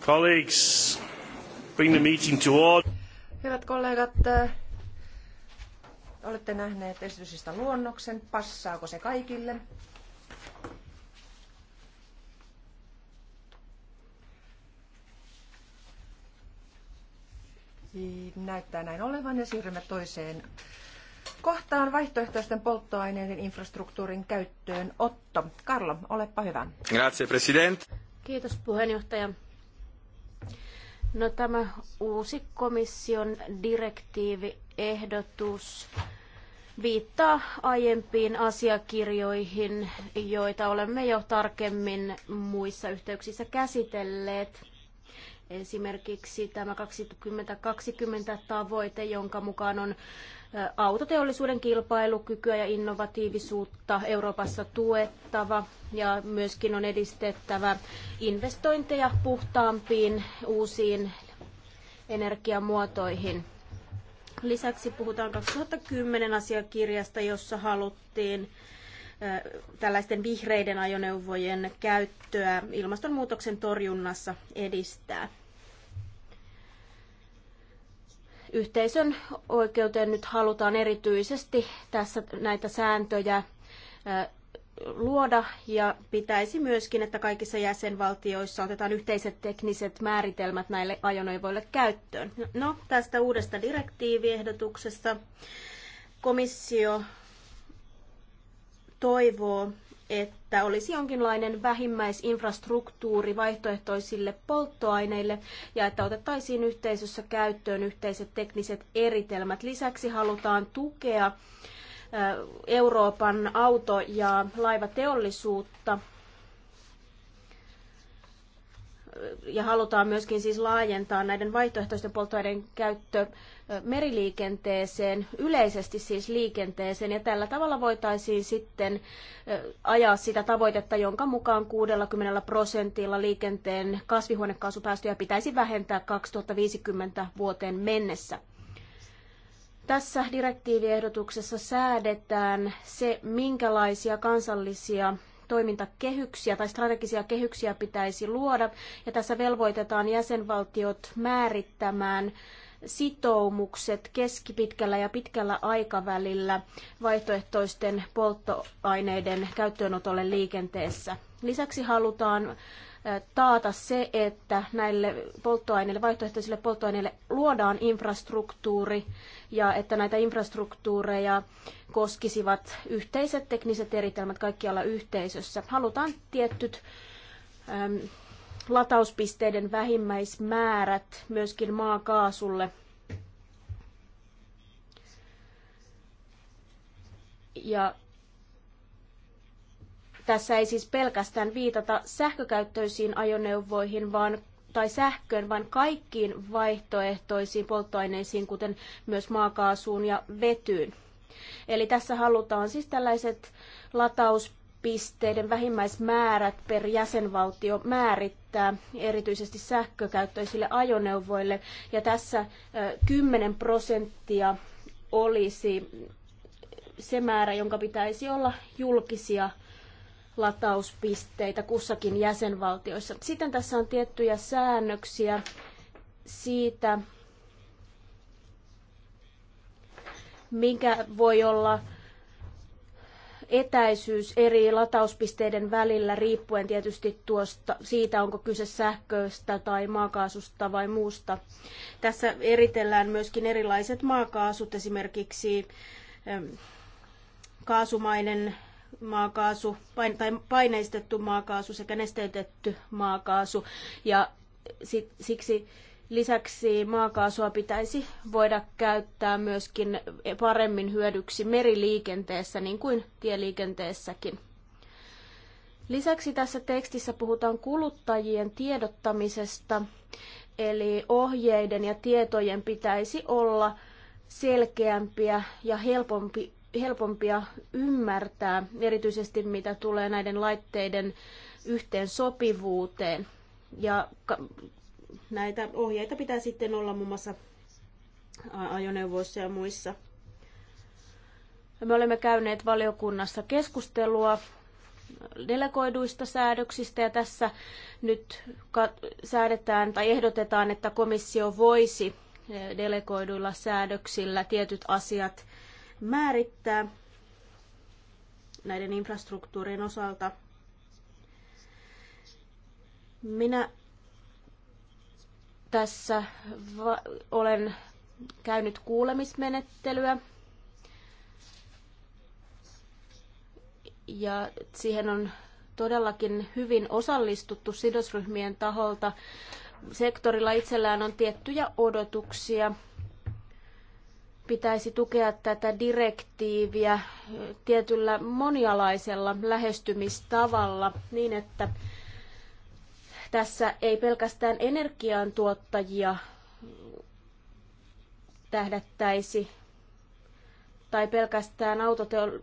Colleagues, bring the meeting to order. Hyvät kollegat, äh, olette nähneet esitysistä luonnoksen. Passaako se kaikille? Näyttää näin olevan ja siirrymme toiseen kohtaan vaihtoehtoisten polttoaineiden infrastruktuurin käyttöön otto. Carlo, olepa hyvä. Grazie, president. Kiitos puheenjohtaja. No, tämä uusi komission direktiiviehdotus viittaa aiempiin asiakirjoihin, joita olemme jo tarkemmin muissa yhteyksissä käsitelleet. Esimerkiksi tämä 2020 tavoite, jonka mukaan on autoteollisuuden kilpailukykyä ja innovatiivisuutta Euroopassa tuettava ja myöskin on edistettävä investointeja puhtaampiin uusiin energiamuotoihin. Lisäksi puhutaan 2010 asiakirjasta, jossa haluttiin tällaisten vihreiden ajoneuvojen käyttöä ilmastonmuutoksen torjunnassa edistää. yhteisön oikeuteen nyt halutaan erityisesti tässä näitä sääntöjä luoda ja pitäisi myöskin, että kaikissa jäsenvaltioissa otetaan yhteiset tekniset määritelmät näille ajoneuvoille käyttöön. No, tästä uudesta direktiiviehdotuksesta komissio toivoo, että olisi jonkinlainen vähimmäisinfrastruktuuri vaihtoehtoisille polttoaineille ja että otettaisiin yhteisössä käyttöön yhteiset tekniset eritelmät. Lisäksi halutaan tukea Euroopan auto- ja laivateollisuutta ja halutaan myöskin siis laajentaa näiden vaihtoehtoisten polttoaineiden käyttö meriliikenteeseen, yleisesti siis liikenteeseen, ja tällä tavalla voitaisiin sitten ajaa sitä tavoitetta, jonka mukaan 60 prosentilla liikenteen kasvihuonekaasupäästöjä pitäisi vähentää 2050 vuoteen mennessä. Tässä direktiiviehdotuksessa säädetään se, minkälaisia kansallisia toimintakehyksiä tai strategisia kehyksiä pitäisi luoda, ja tässä velvoitetaan jäsenvaltiot määrittämään sitoumukset keskipitkällä ja pitkällä aikavälillä vaihtoehtoisten polttoaineiden käyttöönotolle liikenteessä. Lisäksi halutaan taata se, että näille polttoaineille, vaihtoehtoisille polttoaineille luodaan infrastruktuuri ja että näitä infrastruktuureja koskisivat yhteiset tekniset eritelmät kaikkialla yhteisössä. Halutaan tietyt äm, latauspisteiden vähimmäismäärät myöskin maakaasulle. Ja tässä ei siis pelkästään viitata sähkökäyttöisiin ajoneuvoihin, vaan tai sähköön, vaan kaikkiin vaihtoehtoisiin polttoaineisiin, kuten myös maakaasuun ja vetyyn. Eli tässä halutaan siis tällaiset latauspisteiden vähimmäismäärät per jäsenvaltio määrittää erityisesti sähkökäyttöisille ajoneuvoille. Ja tässä 10 prosenttia olisi se määrä, jonka pitäisi olla julkisia latauspisteitä kussakin jäsenvaltioissa. Sitten tässä on tiettyjä säännöksiä siitä, minkä voi olla etäisyys eri latauspisteiden välillä riippuen tietysti tuosta, siitä, onko kyse sähköstä tai maakaasusta vai muusta. Tässä eritellään myöskin erilaiset maakaasut, esimerkiksi kaasumainen maakaasu pain, tai paineistettu maakaasu sekä nesteytetty maakaasu. Ja siksi lisäksi maakaasua pitäisi voida käyttää myöskin paremmin hyödyksi meriliikenteessä niin kuin tieliikenteessäkin. Lisäksi tässä tekstissä puhutaan kuluttajien tiedottamisesta, eli ohjeiden ja tietojen pitäisi olla selkeämpiä ja helpompi helpompia ymmärtää, erityisesti mitä tulee näiden laitteiden yhteen sopivuuteen. Ja näitä ohjeita pitää sitten olla muun muassa ajoneuvoissa ja muissa. Me olemme käyneet valiokunnassa keskustelua delegoiduista säädöksistä ja tässä nyt säädetään tai ehdotetaan, että komissio voisi delegoiduilla säädöksillä tietyt asiat määrittää näiden infrastruktuurien osalta. Minä tässä olen käynyt kuulemismenettelyä ja siihen on todellakin hyvin osallistuttu sidosryhmien taholta. Sektorilla itsellään on tiettyjä odotuksia pitäisi tukea tätä direktiiviä tietyllä monialaisella lähestymistavalla niin, että tässä ei pelkästään energiantuottajia tähdättäisi tai pelkästään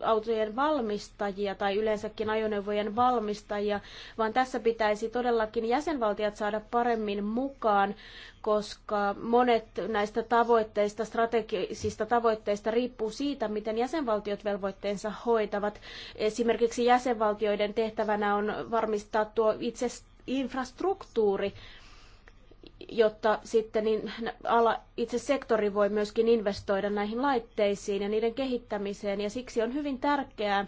autojen valmistajia tai yleensäkin ajoneuvojen valmistajia, vaan tässä pitäisi todellakin jäsenvaltiot saada paremmin mukaan, koska monet näistä tavoitteista, strategisista tavoitteista riippuu siitä, miten jäsenvaltiot velvoitteensa hoitavat. Esimerkiksi jäsenvaltioiden tehtävänä on varmistaa tuo itse infrastruktuuri, jotta sitten niin ala, itse sektori voi myöskin investoida näihin laitteisiin ja niiden kehittämiseen. Ja siksi on hyvin tärkeää,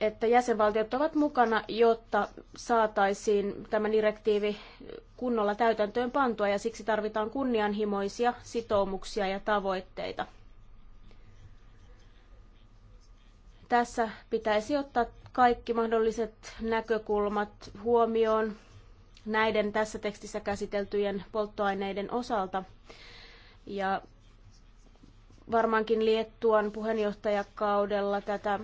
että jäsenvaltiot ovat mukana, jotta saataisiin tämä direktiivi kunnolla täytäntöön pantua ja siksi tarvitaan kunnianhimoisia sitoumuksia ja tavoitteita. Tässä pitäisi ottaa kaikki mahdolliset näkökulmat huomioon, näiden tässä tekstissä käsiteltyjen polttoaineiden osalta. Ja varmaankin Liettuan puheenjohtajakaudella tätä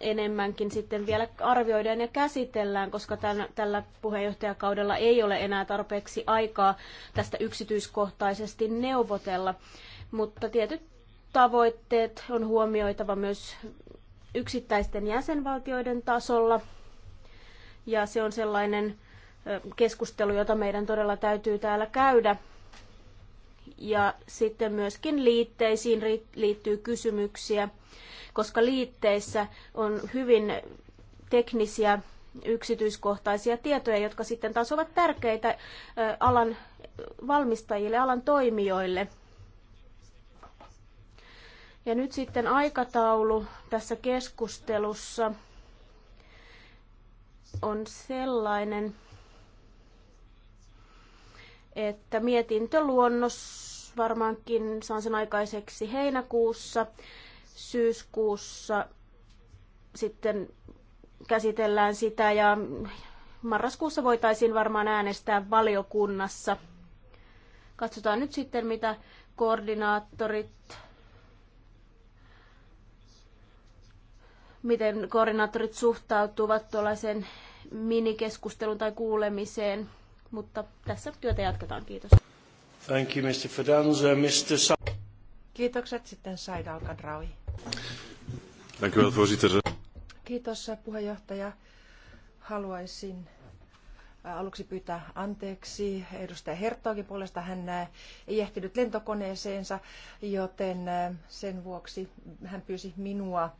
enemmänkin sitten vielä arvioidaan ja käsitellään, koska tämän, tällä puheenjohtajakaudella ei ole enää tarpeeksi aikaa tästä yksityiskohtaisesti neuvotella. Mutta tietyt tavoitteet on huomioitava myös yksittäisten jäsenvaltioiden tasolla. Ja se on sellainen keskustelu, jota meidän todella täytyy täällä käydä. Ja sitten myöskin liitteisiin liittyy kysymyksiä, koska liitteissä on hyvin teknisiä yksityiskohtaisia tietoja, jotka sitten taas ovat tärkeitä alan valmistajille, alan toimijoille. Ja nyt sitten aikataulu tässä keskustelussa on sellainen, että mietintöluonnos varmaankin saan sen aikaiseksi heinäkuussa, syyskuussa sitten käsitellään sitä ja marraskuussa voitaisiin varmaan äänestää valiokunnassa. Katsotaan nyt sitten, mitä koordinaattorit miten koordinaattorit suhtautuvat tuollaisen minikeskusteluun tai kuulemiseen. Mutta tässä työtä jatketaan. Kiitos. Thank you, Mr. Fidanza. Mr. Sa- Kiitokset sitten Said Alkadraui. Kiitos puheenjohtaja. Haluaisin äh, aluksi pyytää anteeksi edustaja Hertogin puolesta. Hän äh, ei ehtinyt lentokoneeseensa, joten äh, sen vuoksi hän pyysi minua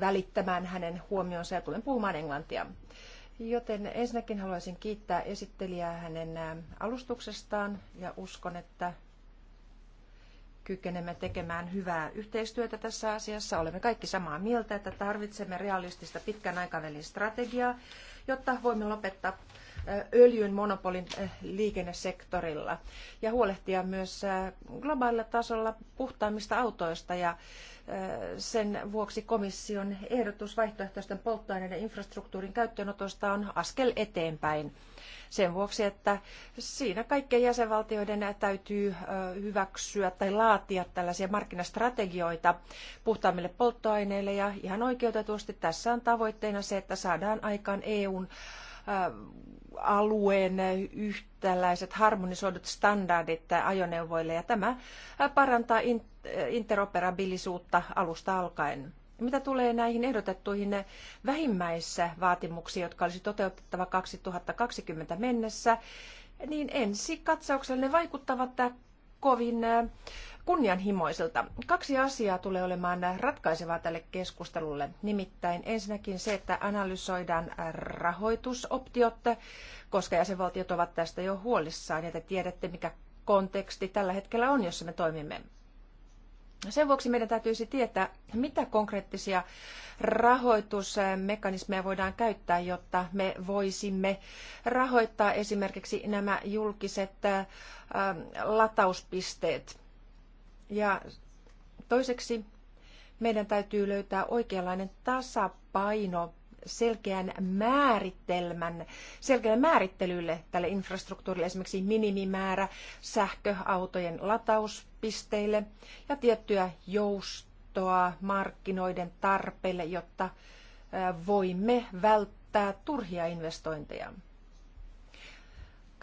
välittämään hänen huomionsa ja tulen puhumaan englantia. Joten ensinnäkin haluaisin kiittää esittelijää hänen alustuksestaan ja uskon, että kykenemme tekemään hyvää yhteistyötä tässä asiassa. Olemme kaikki samaa mieltä, että tarvitsemme realistista pitkän aikavälin strategiaa, jotta voimme lopettaa öljyn monopolin liikennesektorilla ja huolehtia myös globaalilla tasolla puhtaammista autoista ja sen vuoksi komission ehdotus vaihtoehtoisten polttoaineiden infrastruktuurin käyttöönotosta on askel eteenpäin. Sen vuoksi, että siinä kaikkien jäsenvaltioiden täytyy hyväksyä tai laatia tällaisia markkinastrategioita puhtaammille polttoaineille. Ja ihan oikeutetusti tässä on tavoitteena se, että saadaan aikaan EUn alueen yhtäläiset harmonisoidut standardit ajoneuvoille ja tämä parantaa interoperabilisuutta alusta alkaen. Mitä tulee näihin ehdotettuihin vähimmäisvaatimuksiin, jotka olisi toteutettava 2020 mennessä, niin ensi katsauksella ne vaikuttavat kovin kunnianhimoiselta. Kaksi asiaa tulee olemaan ratkaisevaa tälle keskustelulle. Nimittäin ensinnäkin se, että analysoidaan rahoitusoptiot, koska jäsenvaltiot ovat tästä jo huolissaan ja te tiedätte, mikä konteksti tällä hetkellä on, jossa me toimimme. Sen vuoksi meidän täytyisi tietää, mitä konkreettisia rahoitusmekanismeja voidaan käyttää, jotta me voisimme rahoittaa esimerkiksi nämä julkiset latauspisteet. Ja toiseksi meidän täytyy löytää oikeanlainen tasapaino selkeän määritelmän, selkeän määrittelylle tälle infrastruktuurille, esimerkiksi minimimäärä sähköautojen latauspisteille ja tiettyä joustoa markkinoiden tarpeille, jotta voimme välttää turhia investointeja.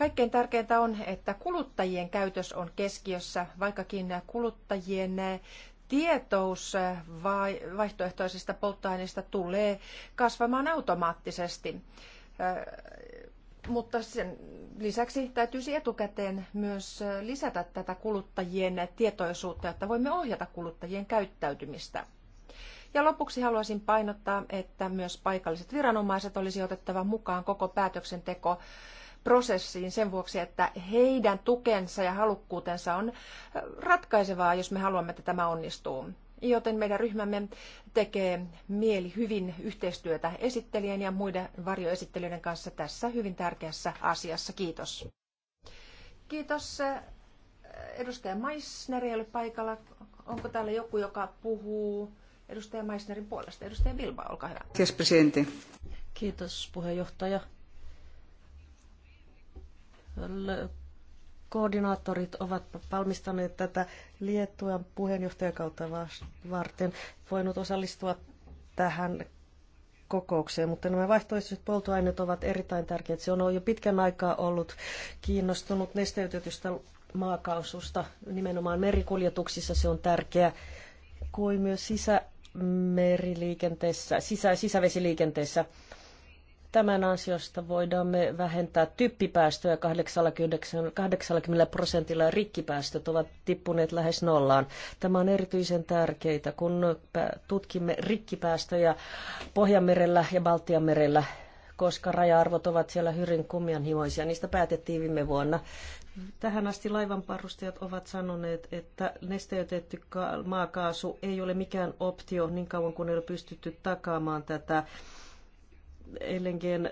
Kaikkein tärkeintä on, että kuluttajien käytös on keskiössä, vaikkakin kuluttajien eh, tietous eh, vaihtoehtoisista polttoaineista tulee kasvamaan automaattisesti. Eh, mutta sen lisäksi täytyisi etukäteen myös lisätä tätä kuluttajien tietoisuutta, että voimme ohjata kuluttajien käyttäytymistä. Ja lopuksi haluaisin painottaa, että myös paikalliset viranomaiset olisi otettava mukaan koko päätöksenteko prosessiin sen vuoksi, että heidän tukensa ja halukkuutensa on äh, ratkaisevaa, jos me haluamme, että tämä onnistuu. Joten meidän ryhmämme tekee mieli hyvin yhteistyötä esittelijän ja muiden varjoesittelijöiden kanssa tässä hyvin tärkeässä asiassa. Kiitos. Kiitos. Edustaja Maisner ei ole paikalla. Onko täällä joku, joka puhuu edustaja Maisnerin puolesta? Edustaja Vilma, olkaa hyvä. Kiitos, Kiitos puheenjohtaja koordinaattorit ovat valmistaneet tätä Liettuan puheenjohtajakautta varten voinut osallistua tähän kokoukseen, mutta nämä vaihtoehtoiset polttoaineet ovat erittäin tärkeitä. Se on jo pitkän aikaa ollut kiinnostunut nesteytetystä maakaasusta, nimenomaan merikuljetuksissa se on tärkeä, kuin myös sisämeriliikenteessä, sisä, sisävesiliikenteessä. Tämän ansiosta voidaan me vähentää typpipäästöjä 80 prosentilla ja rikkipäästöt ovat tippuneet lähes nollaan. Tämä on erityisen tärkeää, kun tutkimme rikkipäästöjä Pohjanmerellä ja Baltianmerellä, koska raja-arvot ovat siellä hyvin kummianhimoisia. Niistä päätettiin viime vuonna. Tähän asti laivanparustajat ovat sanoneet, että nesteytetty maakaasu ei ole mikään optio niin kauan kuin ei ole pystytty takaamaan tätä LNGn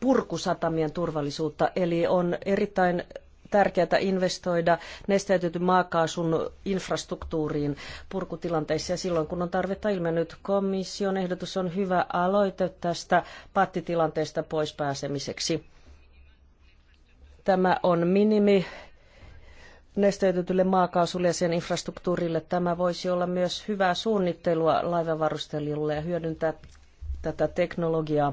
purkusatamien turvallisuutta, eli on erittäin tärkeää investoida nesteytetyn maakaasun infrastruktuuriin purkutilanteissa ja silloin, kun on tarvetta ilmennyt. Komission ehdotus on hyvä aloite tästä pattitilanteesta pois pääsemiseksi. Tämä on minimi nesteytetylle maakaasulle ja sen infrastruktuurille. Tämä voisi olla myös hyvää suunnittelua laivavarustelijoille ja hyödyntää tätä teknologiaa.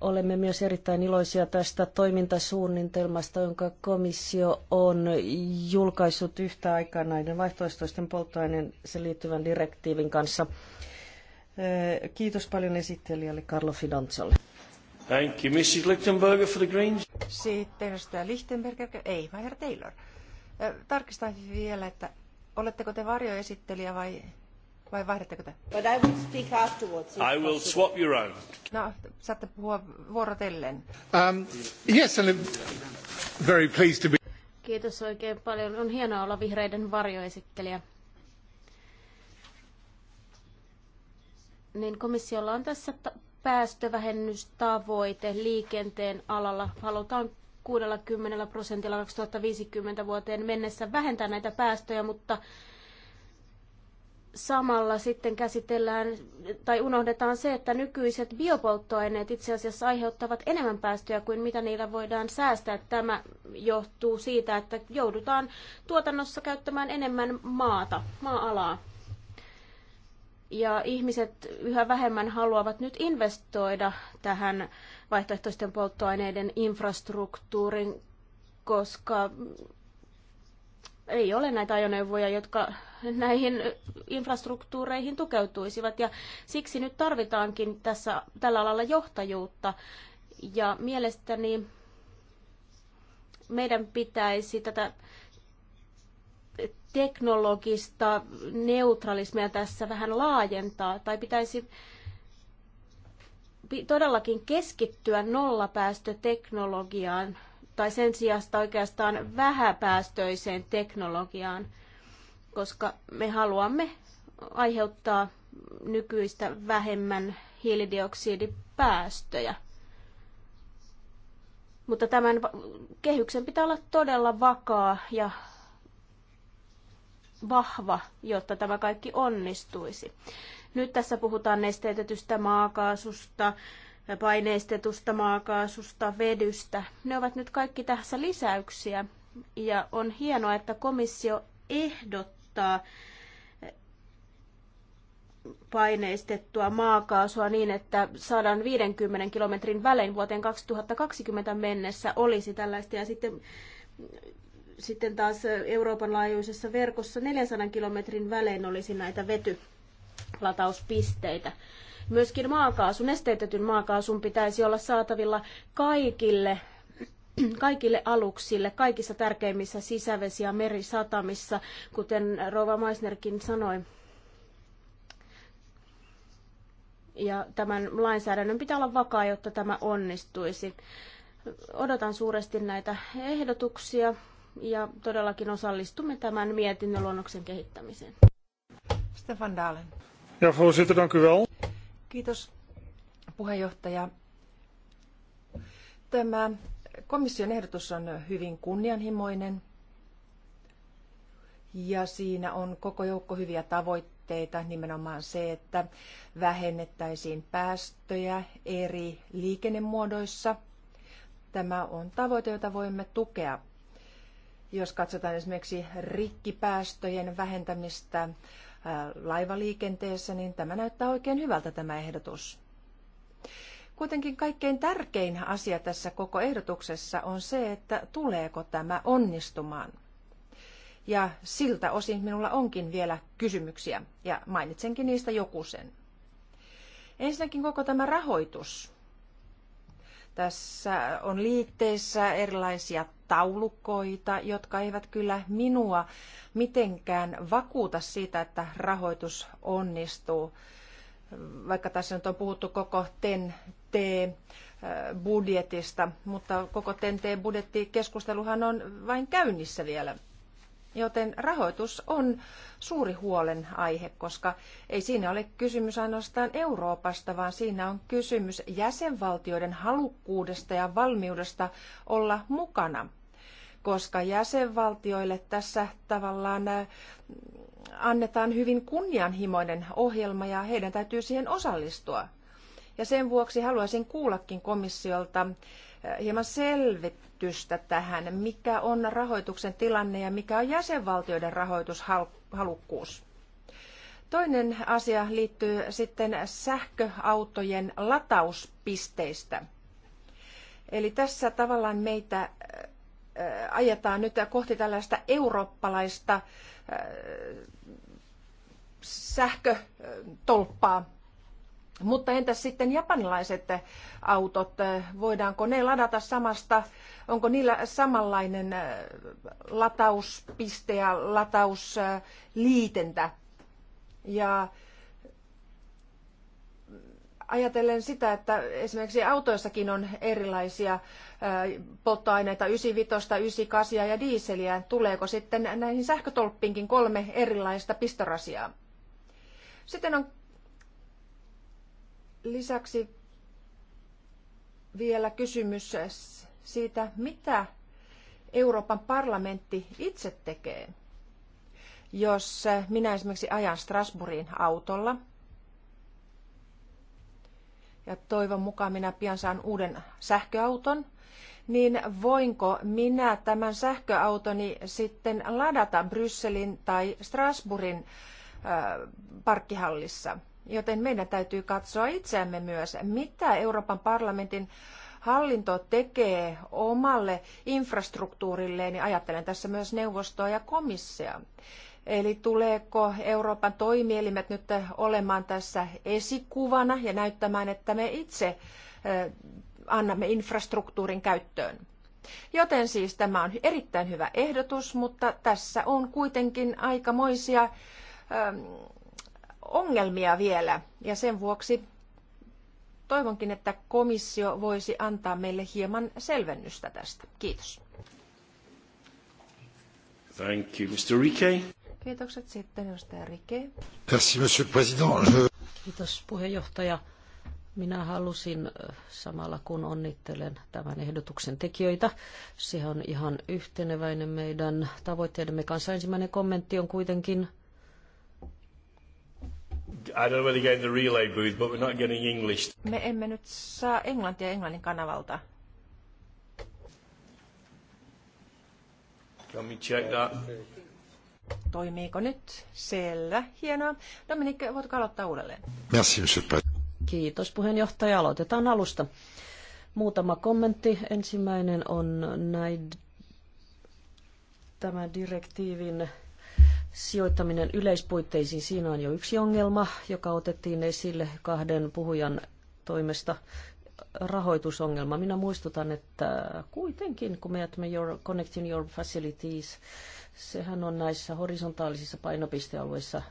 Olemme myös erittäin iloisia tästä toimintasuunnitelmasta, jonka komissio on julkaissut yhtä aikaa näiden vaihtoehtoisten sen liittyvän direktiivin kanssa. Kiitos paljon esittelijälle Carlo Fidanzolle. Thank you, Mrs. Lichtenberger for the Greens. Sitten edustaja Lichtenberger, ei, vai herra Taylor. Tarkistan vielä, että oletteko te varjoesittelijä vai vai vaihdatteko te? But I will speak afterwards. I will swap you around. No, saatte puhua vuorotellen. Um, yes, and I'm very pleased to be... Kiitos oikein paljon. On hienoa olla vihreiden varjoesittelijä. Niin komissiolla on tässä päästövähennystavoite liikenteen alalla. Halutaan 60 prosentilla 2050 vuoteen mennessä vähentää näitä päästöjä, mutta samalla sitten käsitellään tai unohdetaan se, että nykyiset biopolttoaineet itse asiassa aiheuttavat enemmän päästöjä kuin mitä niillä voidaan säästää. Tämä johtuu siitä, että joudutaan tuotannossa käyttämään enemmän maata, maa-alaa. Ja ihmiset yhä vähemmän haluavat nyt investoida tähän vaihtoehtoisten polttoaineiden infrastruktuurin, koska ei ole näitä ajoneuvoja, jotka näihin infrastruktuureihin tukeutuisivat. Ja siksi nyt tarvitaankin tässä, tällä alalla johtajuutta. Ja mielestäni meidän pitäisi tätä teknologista neutralismia tässä vähän laajentaa, tai pitäisi todellakin keskittyä nollapäästöteknologiaan tai sen sijasta oikeastaan vähäpäästöiseen teknologiaan – koska me haluamme aiheuttaa nykyistä vähemmän hiilidioksidipäästöjä. Mutta tämän kehyksen pitää olla todella vakaa ja vahva, jotta tämä kaikki onnistuisi. Nyt tässä puhutaan nesteytetystä maakaasusta, paineistetusta maakaasusta, vedystä. Ne ovat nyt kaikki tässä lisäyksiä. Ja on hienoa, että komissio ehdottaa, ostaa paineistettua maakaasua niin, että 150 kilometrin välein vuoteen 2020 mennessä olisi tällaista. Ja sitten, sitten taas Euroopan laajuisessa verkossa 400 kilometrin välein olisi näitä vetylatauspisteitä. Myöskin maakaasun, nesteytetyn maakaasun pitäisi olla saatavilla kaikille kaikille aluksille, kaikissa tärkeimmissä sisävesi- ja merisatamissa, kuten Rova Meisnerkin sanoi. Ja tämän lainsäädännön pitää olla vakaa, jotta tämä onnistuisi. Odotan suuresti näitä ehdotuksia ja todellakin osallistumme tämän mietinnön luonnoksen kehittämiseen. Stefan Dahlen. Ja Kiitos puheenjohtaja. Tämä komission ehdotus on hyvin kunnianhimoinen ja siinä on koko joukko hyviä tavoitteita, nimenomaan se, että vähennettäisiin päästöjä eri liikennemuodoissa. Tämä on tavoite, jota voimme tukea. Jos katsotaan esimerkiksi rikkipäästöjen vähentämistä äh, laivaliikenteessä, niin tämä näyttää oikein hyvältä tämä ehdotus. Kuitenkin kaikkein tärkein asia tässä koko ehdotuksessa on se, että tuleeko tämä onnistumaan. Ja siltä osin minulla onkin vielä kysymyksiä, ja mainitsenkin niistä joku sen. Ensinnäkin koko tämä rahoitus. Tässä on liitteissä erilaisia taulukoita, jotka eivät kyllä minua mitenkään vakuuta siitä, että rahoitus onnistuu. Vaikka tässä nyt on puhuttu koko TEN TEN-T-budjetista, mutta koko TEN-T-budjettikeskusteluhan on vain käynnissä vielä. Joten rahoitus on suuri huolenaihe, koska ei siinä ole kysymys ainoastaan Euroopasta, vaan siinä on kysymys jäsenvaltioiden halukkuudesta ja valmiudesta olla mukana. Koska jäsenvaltioille tässä tavallaan annetaan hyvin kunnianhimoinen ohjelma ja heidän täytyy siihen osallistua. Ja sen vuoksi haluaisin kuullakin komissiolta eh, hieman selvitystä tähän, mikä on rahoituksen tilanne ja mikä on jäsenvaltioiden rahoitushalukkuus. Toinen asia liittyy sitten sähköautojen latauspisteistä. Eli tässä tavallaan meitä eh, ajetaan nyt kohti tällaista eurooppalaista eh, sähkötolppaa, mutta entäs sitten japanilaiset autot, voidaanko ne ladata samasta, onko niillä samanlainen äh, latauspiste ja latausliitentä? Ja ajatellen sitä, että esimerkiksi autoissakin on erilaisia äh, polttoaineita 95, 98 ja diiseliä. Tuleeko sitten näihin sähkötolppiinkin kolme erilaista pistorasiaa? Sitten on Lisäksi vielä kysymys siitä, mitä Euroopan parlamentti itse tekee. Jos minä esimerkiksi ajan Strasbourgin autolla, ja toivon mukaan minä pian saan uuden sähköauton, niin voinko minä tämän sähköautoni sitten ladata Brysselin tai Strasbourgin äh, parkkihallissa? Joten meidän täytyy katsoa itseämme myös, mitä Euroopan parlamentin hallinto tekee omalle infrastruktuurilleen, niin ajattelen tässä myös neuvostoa ja komissia. Eli tuleeko Euroopan toimielimet nyt olemaan tässä esikuvana ja näyttämään, että me itse annamme infrastruktuurin käyttöön. Joten siis tämä on erittäin hyvä ehdotus, mutta tässä on kuitenkin aikamoisia ongelmia vielä ja sen vuoksi toivonkin, että komissio voisi antaa meille hieman selvennystä tästä. Kiitos. Thank you, Mr. Rike. Kiitokset sitten, edustaja Rike. Merci, monsieur le président. Kiitos, puheenjohtaja. Minä halusin samalla kun onnittelen tämän ehdotuksen tekijöitä. Se on ihan yhteneväinen meidän tavoitteidemme kanssa. Ensimmäinen kommentti on kuitenkin I don't know whether you're the relay booth, but we're not getting English. Me emme nyt saa englantia englannin kanavalta. Can we check that? Toimiiko nyt? Selvä. Hienoa. Dominik, voitko aloittaa uudelleen? Merci, monsieur Kiitos puheenjohtaja. Aloitetaan alusta. Muutama kommentti. Ensimmäinen on näin tämän direktiivin Sijoittaminen yleispuitteisiin, siinä on jo yksi ongelma, joka otettiin esille kahden puhujan toimesta rahoitusongelma. Minä muistutan, että kuitenkin kun me jätämme your, Connecting Your Facilities, sehän on näissä horisontaalisissa painopistealueissa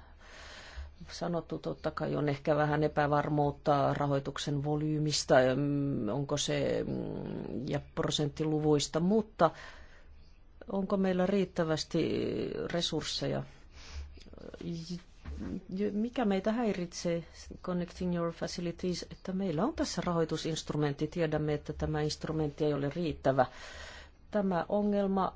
sanottu totta kai on ehkä vähän epävarmuutta rahoituksen volyymista, onko se mm, ja prosenttiluvuista, mutta Onko meillä riittävästi resursseja? Mikä meitä häiritsee Connecting Your Facilities, että meillä on tässä rahoitusinstrumentti. Tiedämme, että tämä instrumentti ei ole riittävä. Tämä ongelma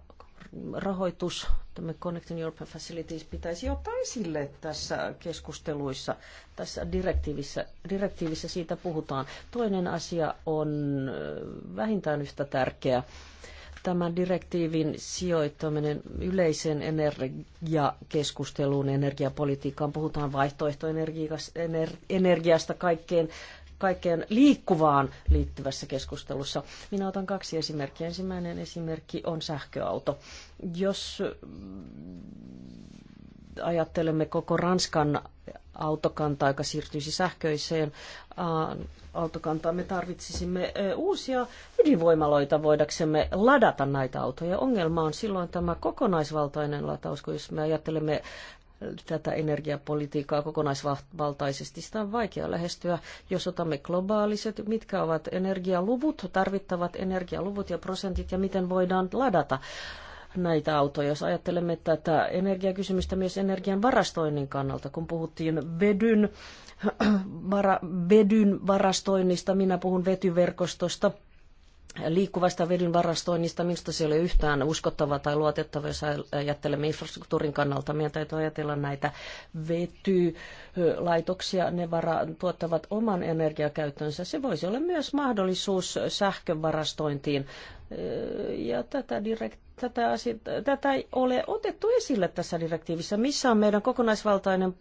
rahoitus, tämä Connecting Europe Facilities pitäisi ottaa esille tässä keskusteluissa, tässä direktiivissä, direktiivissä siitä puhutaan. Toinen asia on vähintään yhtä tärkeä tämän direktiivin sijoittaminen yleiseen energiakeskusteluun, energiapolitiikkaan. Puhutaan vaihtoehtoenergiasta kaikkeen, kaikkeen liikkuvaan liittyvässä keskustelussa. Minä otan kaksi esimerkkiä. Ensimmäinen esimerkki on sähköauto. Jos ajattelemme koko Ranskan autokantaa, joka siirtyisi sähköiseen autokantaan, me tarvitsisimme uusia ydinvoimaloita voidaksemme ladata näitä autoja. Ongelma on silloin tämä kokonaisvaltainen lataus, kun jos me ajattelemme tätä energiapolitiikkaa kokonaisvaltaisesti. Sitä on vaikea lähestyä, jos otamme globaaliset, mitkä ovat energialuvut, tarvittavat energialuvut ja prosentit ja miten voidaan ladata näitä autoja. Jos ajattelemme tätä energiakysymystä myös energian varastoinnin kannalta, kun puhuttiin vedyn, vara, vedyn varastoinnista, minä puhun vetyverkostosta, liikkuvasta vedyn varastoinnista, minusta se ei ole yhtään uskottava tai luotettava, jos ajattelemme infrastruktuurin kannalta. Meidän täytyy ajatella näitä vetylaitoksia, ne vara, tuottavat oman energiakäyttönsä. Se voisi olla myös mahdollisuus sähkön varastointiin ja tätä direkt tätä, asia, tätä ei ole otettu esille tässä direktiivissä. Missä on meidän kokonaisvaltainen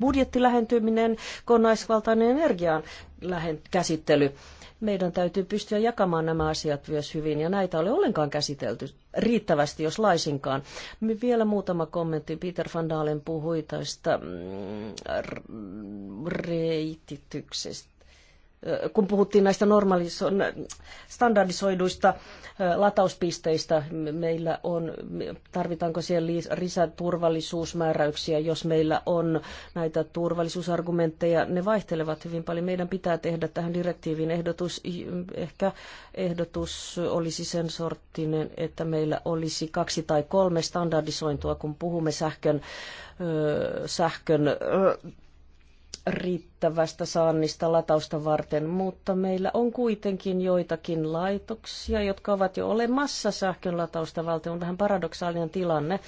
budjettilähentyminen, kokonaisvaltainen energian käsittely? Meidän täytyy pystyä jakamaan nämä asiat myös hyvin, ja näitä ei ole ollenkaan käsitelty riittävästi, jos laisinkaan. Vielä muutama kommentti. Peter van Dalen puhui tästä mm, reitityksestä kun puhuttiin näistä standardisoiduista latauspisteistä, meillä on, tarvitaanko siellä lisää turvallisuusmääräyksiä, jos meillä on näitä turvallisuusargumentteja, ne vaihtelevat hyvin paljon. Meidän pitää tehdä tähän direktiivin ehdotus, ehkä ehdotus olisi sen sorttinen, että meillä olisi kaksi tai kolme standardisointua, kun puhumme sähkön, sähkön riittävästä saannista latausta varten, mutta meillä on kuitenkin joitakin laitoksia, jotka ovat jo olemassa sähkön latausta varten. On vähän paradoksaalinen tilanne.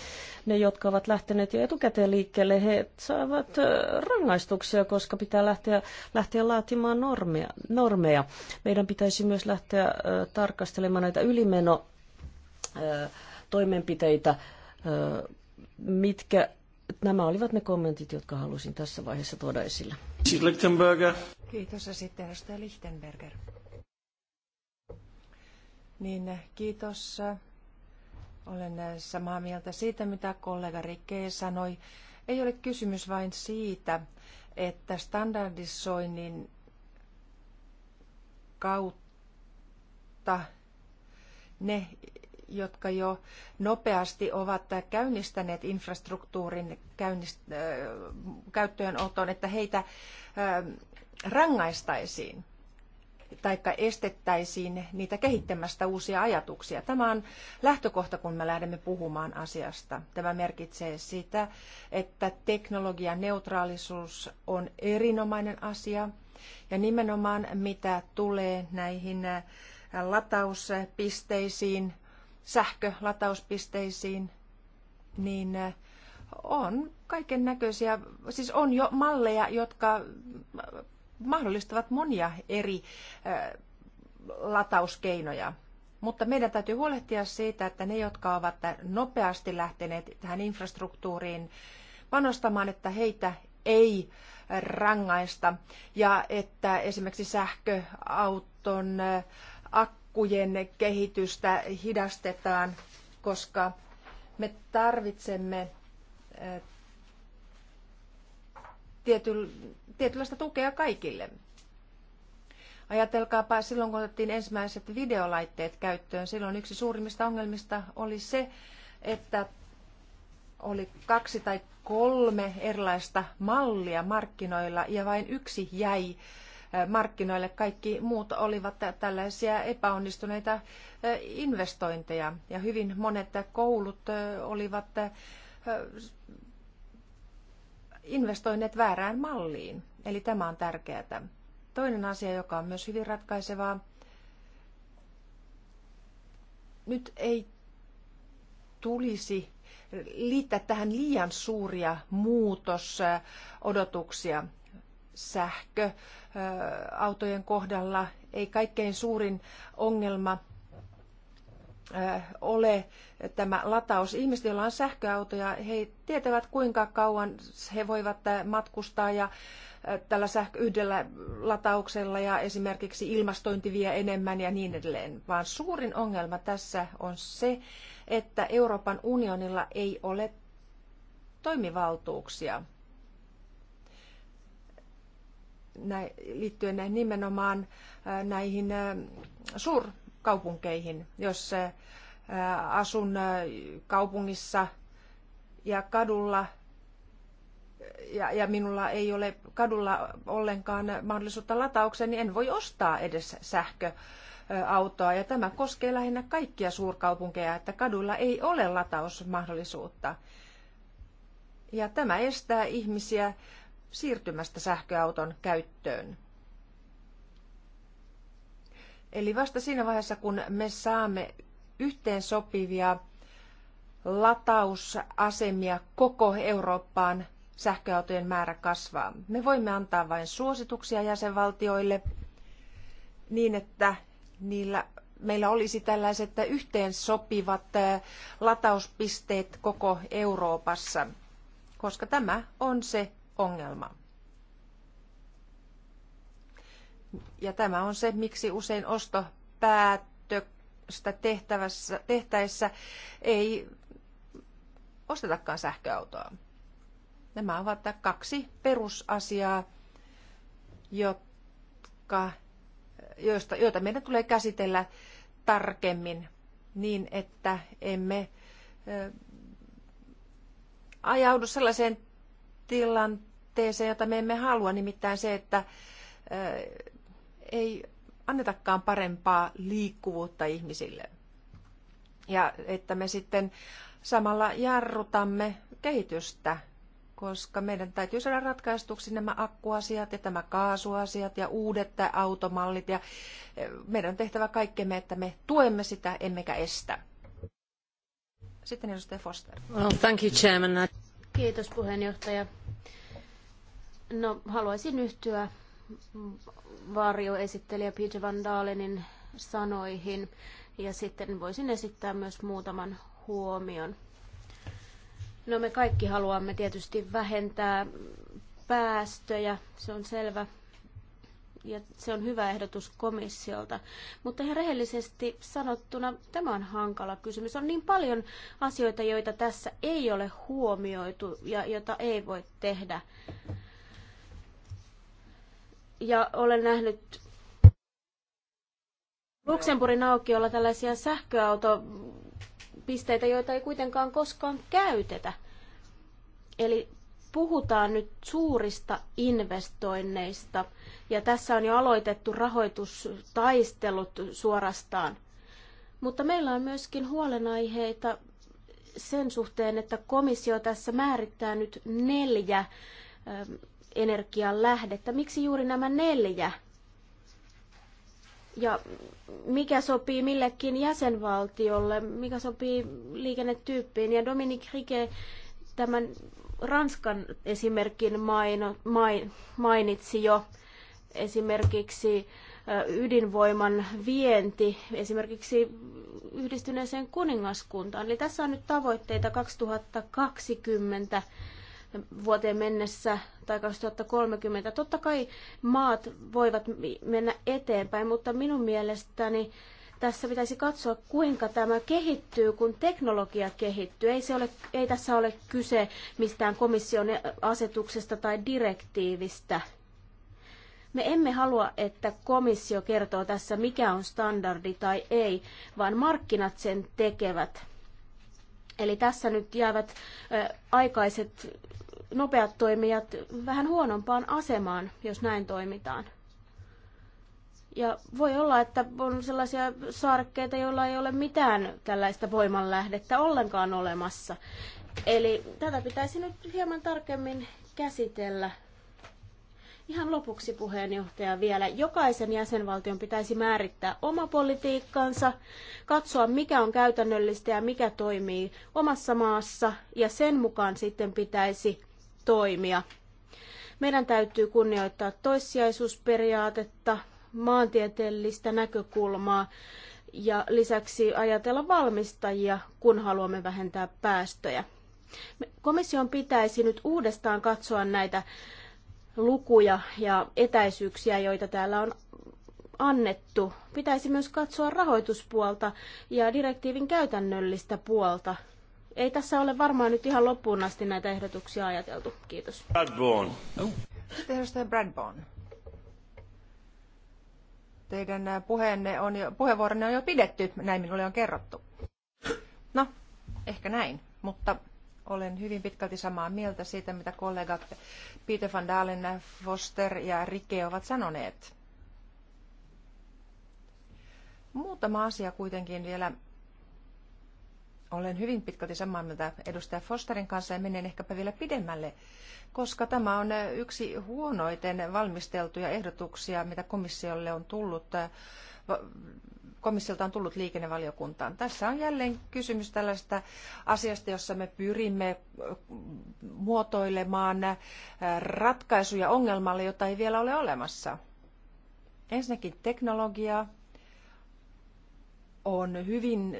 Ne, jotka ovat lähteneet jo etukäteen liikkeelle, he saavat rangaistuksia, koska pitää lähteä, lähteä laatimaan normeja, normeja. Meidän pitäisi myös lähteä äh, tarkastelemaan näitä ylimeno äh, toimenpiteitä, äh, mitkä Nämä olivat ne kommentit, jotka halusin tässä vaiheessa tuoda esille. Siis Lichtenberger. Kiitos ja sitten edustaja Lichtenberger. Niin, kiitos. Olen samaa mieltä siitä, mitä kollega Rikke sanoi. Ei ole kysymys vain siitä, että standardisoinnin kautta ne jotka jo nopeasti ovat käynnistäneet infrastruktuurin käynnist- käyttöönoton, että heitä rangaistaisiin tai estettäisiin niitä kehittämästä uusia ajatuksia. Tämä on lähtökohta, kun me lähdemme puhumaan asiasta. Tämä merkitsee sitä, että teknologian neutraalisuus on erinomainen asia. Ja nimenomaan mitä tulee näihin latauspisteisiin, sähkölatauspisteisiin, niin eh, on kaiken näköisiä, siis on jo malleja, jotka eh, mahdollistavat monia eri eh, latauskeinoja. Mutta meidän täytyy huolehtia siitä, että ne, jotka ovat nopeasti lähteneet tähän infrastruktuuriin panostamaan, että heitä ei rangaista. Ja että esimerkiksi sähköauton akku akkujen kehitystä hidastetaan, koska me tarvitsemme eh, tietynlaista tukea kaikille. Ajatelkaapa silloin, kun otettiin ensimmäiset videolaitteet käyttöön, silloin yksi suurimmista ongelmista oli se, että oli kaksi tai kolme erilaista mallia markkinoilla ja vain yksi jäi markkinoille. Kaikki muut olivat tällaisia epäonnistuneita eh, investointeja ja hyvin monet koulut eh, olivat eh, investoineet väärään malliin. Eli tämä on tärkeää. Toinen asia, joka on myös hyvin ratkaisevaa, nyt ei tulisi liittää tähän liian suuria muutosodotuksia sähkö autojen kohdalla. Ei kaikkein suurin ongelma ole tämä lataus. Ihmiset, joilla on sähköautoja, he tietävät kuinka kauan he voivat matkustaa ja tällä sähkö yhdellä latauksella ja esimerkiksi ilmastointi vie enemmän ja niin edelleen. Vaan suurin ongelma tässä on se, että Euroopan unionilla ei ole toimivaltuuksia liittyen nimenomaan näihin suurkaupunkeihin, jos asun kaupungissa ja kadulla ja, ja minulla ei ole kadulla ollenkaan mahdollisuutta lataukseen, niin en voi ostaa edes sähköautoa. Ja tämä koskee lähinnä kaikkia suurkaupunkeja, että kadulla ei ole latausmahdollisuutta. Ja tämä estää ihmisiä siirtymästä sähköauton käyttöön. Eli vasta siinä vaiheessa, kun me saamme yhteen sopivia latausasemia koko Eurooppaan, sähköautojen määrä kasvaa. Me voimme antaa vain suosituksia jäsenvaltioille niin, että niillä meillä olisi tällaiset yhteen sopivat latauspisteet koko Euroopassa, koska tämä on se ongelma. Ja tämä on se, miksi usein ostopäätöstä tehtävässä, tehtäessä ei ostetakaan sähköautoa. Nämä ovat kaksi perusasiaa, jotka, joista, joita meidän tulee käsitellä tarkemmin niin, että emme ajaudu sellaiseen tilanteeseen, jota me emme halua, nimittäin se, että ei annetakaan parempaa liikkuvuutta ihmisille. Ja että me sitten samalla jarrutamme kehitystä, koska meidän täytyy saada ratkaistuksi nämä akkuasiat ja tämä kaasuasiat ja uudet automallit. Ja meidän on tehtävä kaikkemme, että me tuemme sitä emmekä estä. Sitten edustaja Foster. Well, thank you, Chairman. Kiitos puheenjohtaja. No, haluaisin yhtyä varjoesittelijä Peter Van Dalenin sanoihin ja sitten voisin esittää myös muutaman huomion. No me kaikki haluamme tietysti vähentää päästöjä, se on selvä ja se on hyvä ehdotus komissiolta. Mutta ihan rehellisesti sanottuna tämä on hankala kysymys. On niin paljon asioita, joita tässä ei ole huomioitu ja joita ei voi tehdä. Ja olen nähnyt Luxemburgin aukiolla tällaisia sähköautopisteitä, joita ei kuitenkaan koskaan käytetä. Eli puhutaan nyt suurista investoinneista, ja tässä on jo aloitettu rahoitustaistelut suorastaan. Mutta meillä on myöskin huolenaiheita sen suhteen, että komissio tässä määrittää nyt neljä ähm, energian lähdettä. Miksi juuri nämä neljä? Ja mikä sopii millekin jäsenvaltiolle, mikä sopii liikennetyyppiin. Ja Dominic Rike tämän Ranskan esimerkin maino, main, mainitsi jo esimerkiksi ydinvoiman vienti esimerkiksi yhdistyneeseen kuningaskuntaan. Eli tässä on nyt tavoitteita 2020 vuoteen mennessä tai 2030. Totta kai maat voivat mennä eteenpäin, mutta minun mielestäni tässä pitäisi katsoa, kuinka tämä kehittyy, kun teknologia kehittyy. Ei, se ole, ei tässä ole kyse mistään komission asetuksesta tai direktiivistä. Me emme halua, että komissio kertoo tässä, mikä on standardi tai ei, vaan markkinat sen tekevät. Eli tässä nyt jäävät aikaiset nopeat toimijat vähän huonompaan asemaan, jos näin toimitaan. Ja voi olla, että on sellaisia saarekkeita, joilla ei ole mitään tällaista voimanlähdettä ollenkaan olemassa. Eli tätä pitäisi nyt hieman tarkemmin käsitellä. Ihan lopuksi puheenjohtaja vielä. Jokaisen jäsenvaltion pitäisi määrittää oma politiikkansa, katsoa mikä on käytännöllistä ja mikä toimii omassa maassa ja sen mukaan sitten pitäisi toimia. Meidän täytyy kunnioittaa toissijaisuusperiaatetta, maantieteellistä näkökulmaa ja lisäksi ajatella valmistajia, kun haluamme vähentää päästöjä. Komission pitäisi nyt uudestaan katsoa näitä lukuja ja etäisyyksiä, joita täällä on annettu. Pitäisi myös katsoa rahoituspuolta ja direktiivin käytännöllistä puolta. Ei tässä ole varmaan nyt ihan loppuun asti näitä ehdotuksia ajateltu. Kiitos. Bradbourne. Oh. Edustaja Bradbourne teidän puheenne on jo, puheenvuoronne on jo pidetty, näin minulle on kerrottu. No, ehkä näin, mutta olen hyvin pitkälti samaa mieltä siitä, mitä kollegat Peter van Dalen, Foster ja Rike ovat sanoneet. Muutama asia kuitenkin vielä olen hyvin pitkälti samaa mieltä edustaja Fosterin kanssa ja menen ehkäpä vielä pidemmälle, koska tämä on yksi huonoiten valmisteltuja ehdotuksia, mitä komissiolle on tullut komissiolta on tullut liikennevaliokuntaan. Tässä on jälleen kysymys tällaista asiasta, jossa me pyrimme muotoilemaan ratkaisuja ongelmalle, jota ei vielä ole olemassa. Ensinnäkin teknologia on hyvin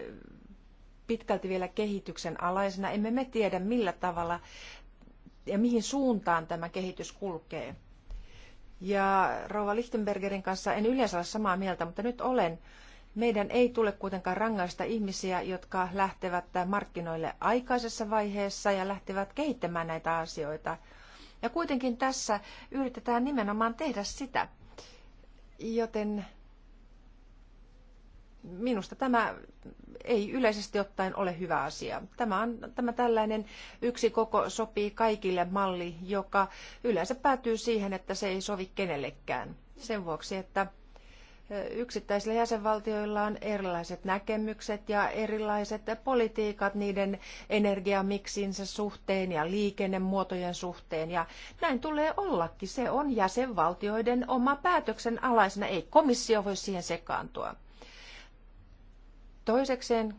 pitkälti vielä kehityksen alaisena. Emme me tiedä, millä tavalla ja mihin suuntaan tämä kehitys kulkee. Ja Rova Lichtenbergerin kanssa en yleensä ole samaa mieltä, mutta nyt olen. Meidän ei tule kuitenkaan rangaista ihmisiä, jotka lähtevät markkinoille aikaisessa vaiheessa ja lähtevät kehittämään näitä asioita. Ja kuitenkin tässä yritetään nimenomaan tehdä sitä. Joten minusta tämä ei yleisesti ottaen ole hyvä asia. Tämä, on, tämä tällainen yksi koko sopii kaikille malli, joka yleensä päätyy siihen, että se ei sovi kenellekään. Sen vuoksi, että yksittäisillä jäsenvaltioilla on erilaiset näkemykset ja erilaiset politiikat niiden energiamiksinsä suhteen ja liikennemuotojen suhteen. Ja näin tulee ollakin. Se on jäsenvaltioiden oma päätöksen alaisena. Ei komissio voi siihen sekaantua. Toisekseen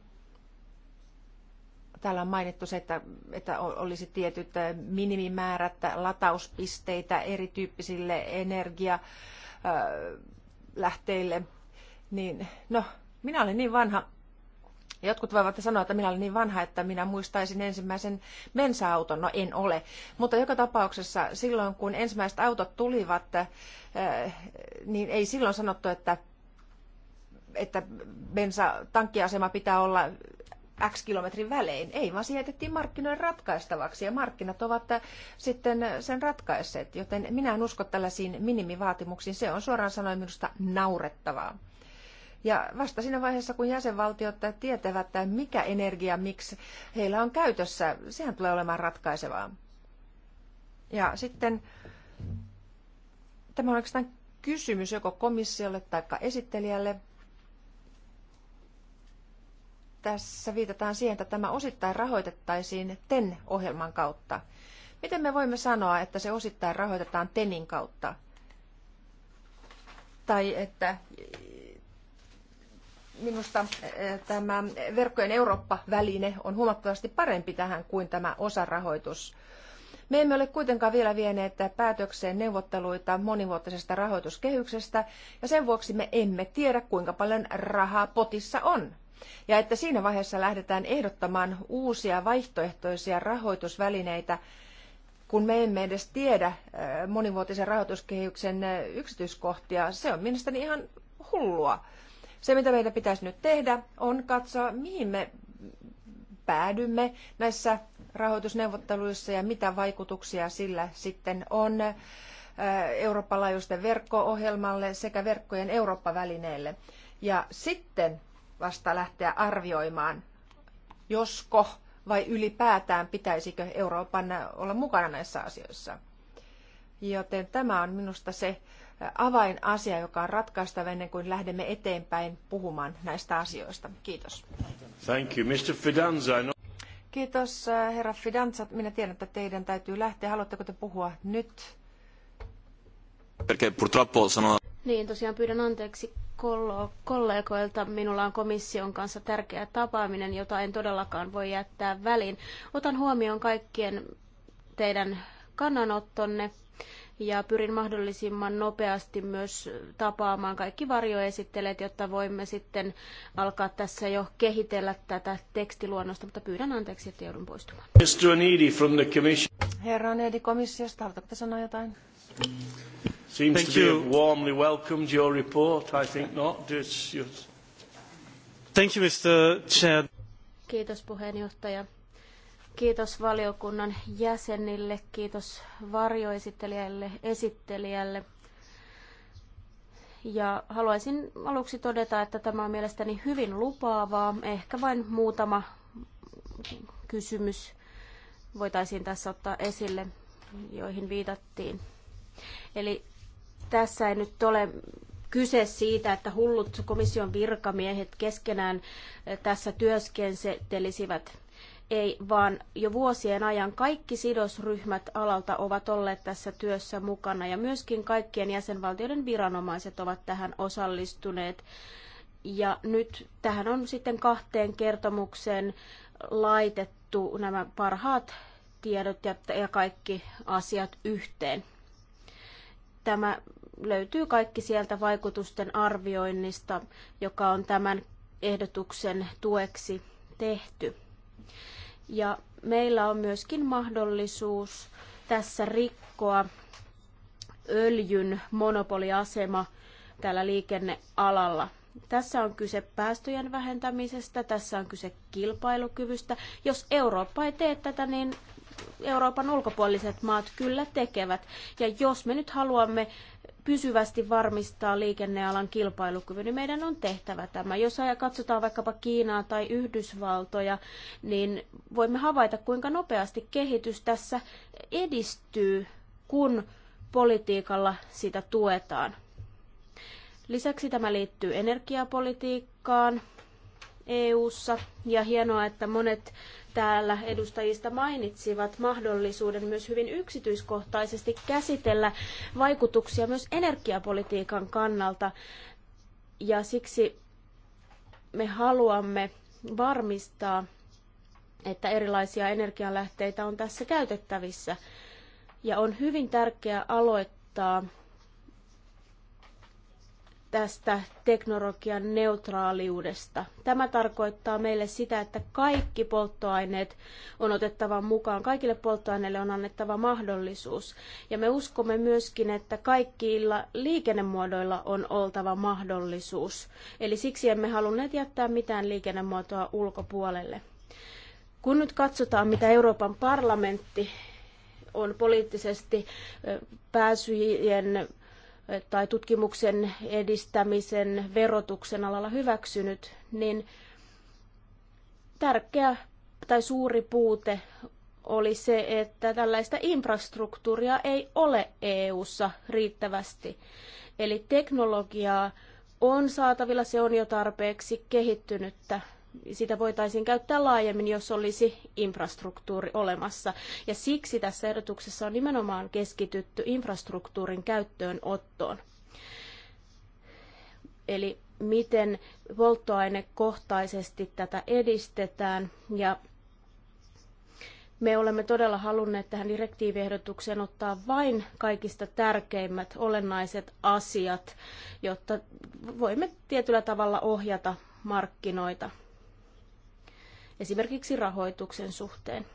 täällä on mainittu se, että, että olisi tietyt äh, minimimäärät latauspisteitä erityyppisille energialähteille. Äh, niin, no, minä olen niin vanha, Jotkut voivat sanoa, että minä olen niin vanha, että minä muistaisin ensimmäisen mensa auton No en ole. Mutta joka tapauksessa silloin, kun ensimmäiset autot tulivat, äh, niin ei silloin sanottu, että että bensa tankkiasema pitää olla X kilometrin välein. Ei, vaan se jätettiin markkinoiden ratkaistavaksi ja markkinat ovat sitten sen ratkaisseet. Joten minä en usko tällaisiin minimivaatimuksiin. Se on suoraan sanoen minusta naurettavaa. Ja vasta siinä vaiheessa, kun jäsenvaltiot tietävät, mikä energia, miksi heillä on käytössä, sehän tulee olemaan ratkaisevaa. Ja sitten tämä on oikeastaan kysymys joko komissiolle tai esittelijälle, tässä viitataan siihen, että tämä osittain rahoitettaisiin TEN-ohjelman kautta. Miten me voimme sanoa, että se osittain rahoitetaan TENin kautta? Tai että minusta eh, tämä verkkojen Eurooppa-väline on huomattavasti parempi tähän kuin tämä osarahoitus. Me emme ole kuitenkaan vielä vieneet päätökseen neuvotteluita monivuotisesta rahoituskehyksestä, ja sen vuoksi me emme tiedä, kuinka paljon rahaa potissa on ja että siinä vaiheessa lähdetään ehdottamaan uusia vaihtoehtoisia rahoitusvälineitä, kun me emme edes tiedä äh, monivuotisen rahoituskehyksen äh, yksityiskohtia. Se on mielestäni ihan hullua. Se, mitä meidän pitäisi nyt tehdä, on katsoa, mihin me päädymme näissä rahoitusneuvotteluissa ja mitä vaikutuksia sillä sitten on äh, Euroopan laajuisten verkko-ohjelmalle sekä verkkojen Eurooppa-välineelle. Ja sitten vasta lähteä arvioimaan, josko vai ylipäätään pitäisikö Euroopan olla mukana näissä asioissa. Joten tämä on minusta se avainasia, joka on ratkaistava ennen kuin lähdemme eteenpäin puhumaan näistä asioista. Kiitos. Thank you. Mr. Fidanza, Kiitos, äh, herra Fidanza. Minä tiedän, että teidän täytyy lähteä. Haluatteko te puhua nyt? Niin, tosiaan pyydän anteeksi kollegoilta. Minulla on komission kanssa tärkeä tapaaminen, jota en todellakaan voi jättää väliin. Otan huomioon kaikkien teidän kannanottonne ja pyrin mahdollisimman nopeasti myös tapaamaan kaikki varjoesittelijät, jotta voimme sitten alkaa tässä jo kehitellä tätä tekstiluonnosta, mutta pyydän anteeksi, että joudun poistumaan. Herra Onidi komissiosta, haluatteko sanoa jotain? Seems Thank to you. be warmly welcomed, your report. I think not. It's just... Thank you, Mr. Chair. Kiitos puheenjohtaja. Kiitos valiokunnan jäsenille, kiitos varjoesittelijälle, esittelijälle. Ja haluaisin aluksi todeta, että tämä on mielestäni hyvin lupaavaa. Ehkä vain muutama kysymys voitaisiin tässä ottaa esille, joihin viitattiin. Eli tässä ei nyt ole kyse siitä, että hullut komission virkamiehet keskenään eh, tässä työskentelisivät. Ei, vaan jo vuosien ajan kaikki sidosryhmät alalta ovat olleet tässä työssä mukana ja myöskin kaikkien jäsenvaltioiden viranomaiset ovat tähän osallistuneet. Ja nyt tähän on sitten kahteen kertomukseen laitettu nämä parhaat tiedot ja, kaikki asiat yhteen. Tämä löytyy kaikki sieltä vaikutusten arvioinnista, joka on tämän ehdotuksen tueksi tehty. Ja meillä on myöskin mahdollisuus tässä rikkoa öljyn monopoliasema tällä liikennealalla. Tässä on kyse päästöjen vähentämisestä, tässä on kyse kilpailukyvystä. Jos Eurooppa ei tee tätä, niin Euroopan ulkopuoliset maat kyllä tekevät. Ja jos me nyt haluamme pysyvästi varmistaa liikennealan kilpailukyvyn, niin meidän on tehtävä tämä. Jos katsotaan vaikkapa Kiinaa tai Yhdysvaltoja, niin voimme havaita, kuinka nopeasti kehitys tässä edistyy, kun politiikalla sitä tuetaan. Lisäksi tämä liittyy energiapolitiikkaan EU:ssa ja hienoa, että monet täällä edustajista mainitsivat mahdollisuuden myös hyvin yksityiskohtaisesti käsitellä vaikutuksia myös energiapolitiikan kannalta. Ja siksi me haluamme varmistaa, että erilaisia energianlähteitä on tässä käytettävissä. Ja on hyvin tärkeää aloittaa tästä teknologian neutraaliudesta. Tämä tarkoittaa meille sitä, että kaikki polttoaineet on otettava mukaan, kaikille polttoaineille on annettava mahdollisuus. Ja me uskomme myöskin, että kaikilla liikennemuodoilla on oltava mahdollisuus. Eli siksi emme halunneet jättää mitään liikennemuotoa ulkopuolelle. Kun nyt katsotaan, mitä Euroopan parlamentti on poliittisesti pääsyjien tai tutkimuksen edistämisen verotuksen alalla hyväksynyt, niin tärkeä tai suuri puute oli se, että tällaista infrastruktuuria ei ole EU:ssa riittävästi. Eli teknologiaa on saatavilla, se on jo tarpeeksi kehittynyttä, sitä voitaisiin käyttää laajemmin, jos olisi infrastruktuuri olemassa. Ja siksi tässä ehdotuksessa on nimenomaan keskitytty infrastruktuurin käyttöönottoon. Eli miten polttoainekohtaisesti tätä edistetään ja me olemme todella halunneet tähän direktiiviehdotukseen ottaa vain kaikista tärkeimmät olennaiset asiat, jotta voimme tietyllä tavalla ohjata markkinoita esimerkiksi rahoituksen suhteen.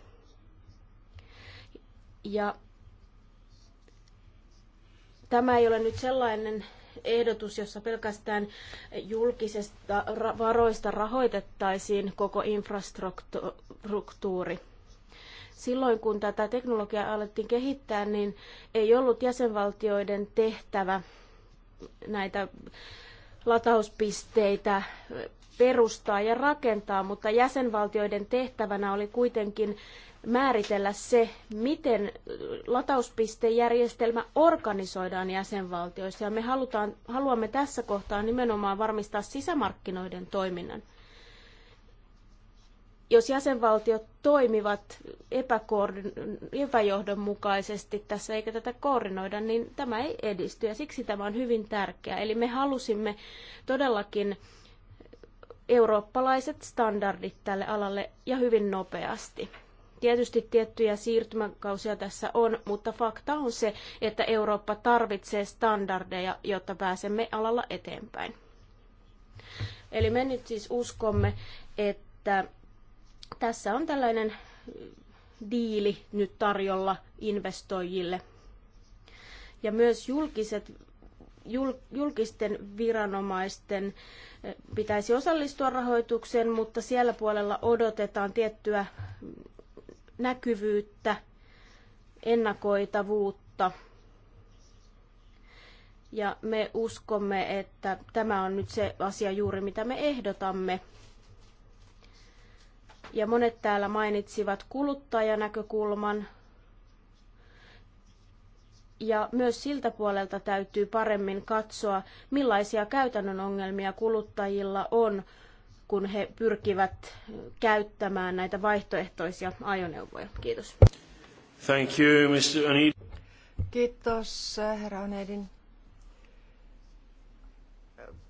Ja tämä ei ole nyt sellainen ehdotus, jossa pelkästään julkisesta varoista rahoitettaisiin koko infrastruktuuri. Silloin kun tätä teknologiaa alettiin kehittää, niin ei ollut jäsenvaltioiden tehtävä näitä latauspisteitä perustaa ja rakentaa, mutta jäsenvaltioiden tehtävänä oli kuitenkin määritellä se, miten latauspistejärjestelmä organisoidaan jäsenvaltioissa. Ja me halutaan, haluamme tässä kohtaa nimenomaan varmistaa sisämarkkinoiden toiminnan. Jos jäsenvaltiot toimivat epäjohdonmukaisesti tässä eikä tätä koordinoida, niin tämä ei edisty ja siksi tämä on hyvin tärkeää. Eli me halusimme todellakin eurooppalaiset standardit tälle alalle ja hyvin nopeasti. Tietysti tiettyjä siirtymäkausia tässä on, mutta fakta on se, että Eurooppa tarvitsee standardeja, jotta pääsemme alalla eteenpäin. Eli me nyt siis uskomme, että tässä on tällainen diili nyt tarjolla investoijille. Ja myös julkiset julkisten viranomaisten eh, pitäisi osallistua rahoitukseen, mutta siellä puolella odotetaan tiettyä näkyvyyttä, ennakoitavuutta. Ja me uskomme, että tämä on nyt se asia juuri, mitä me ehdotamme. Ja monet täällä mainitsivat kuluttajanäkökulman, ja myös siltä puolelta täytyy paremmin katsoa, millaisia käytännön ongelmia kuluttajilla on, kun he pyrkivät käyttämään näitä vaihtoehtoisia ajoneuvoja. Kiitos. Thank you, Mr. Anid. Kiitos, herra Onedin.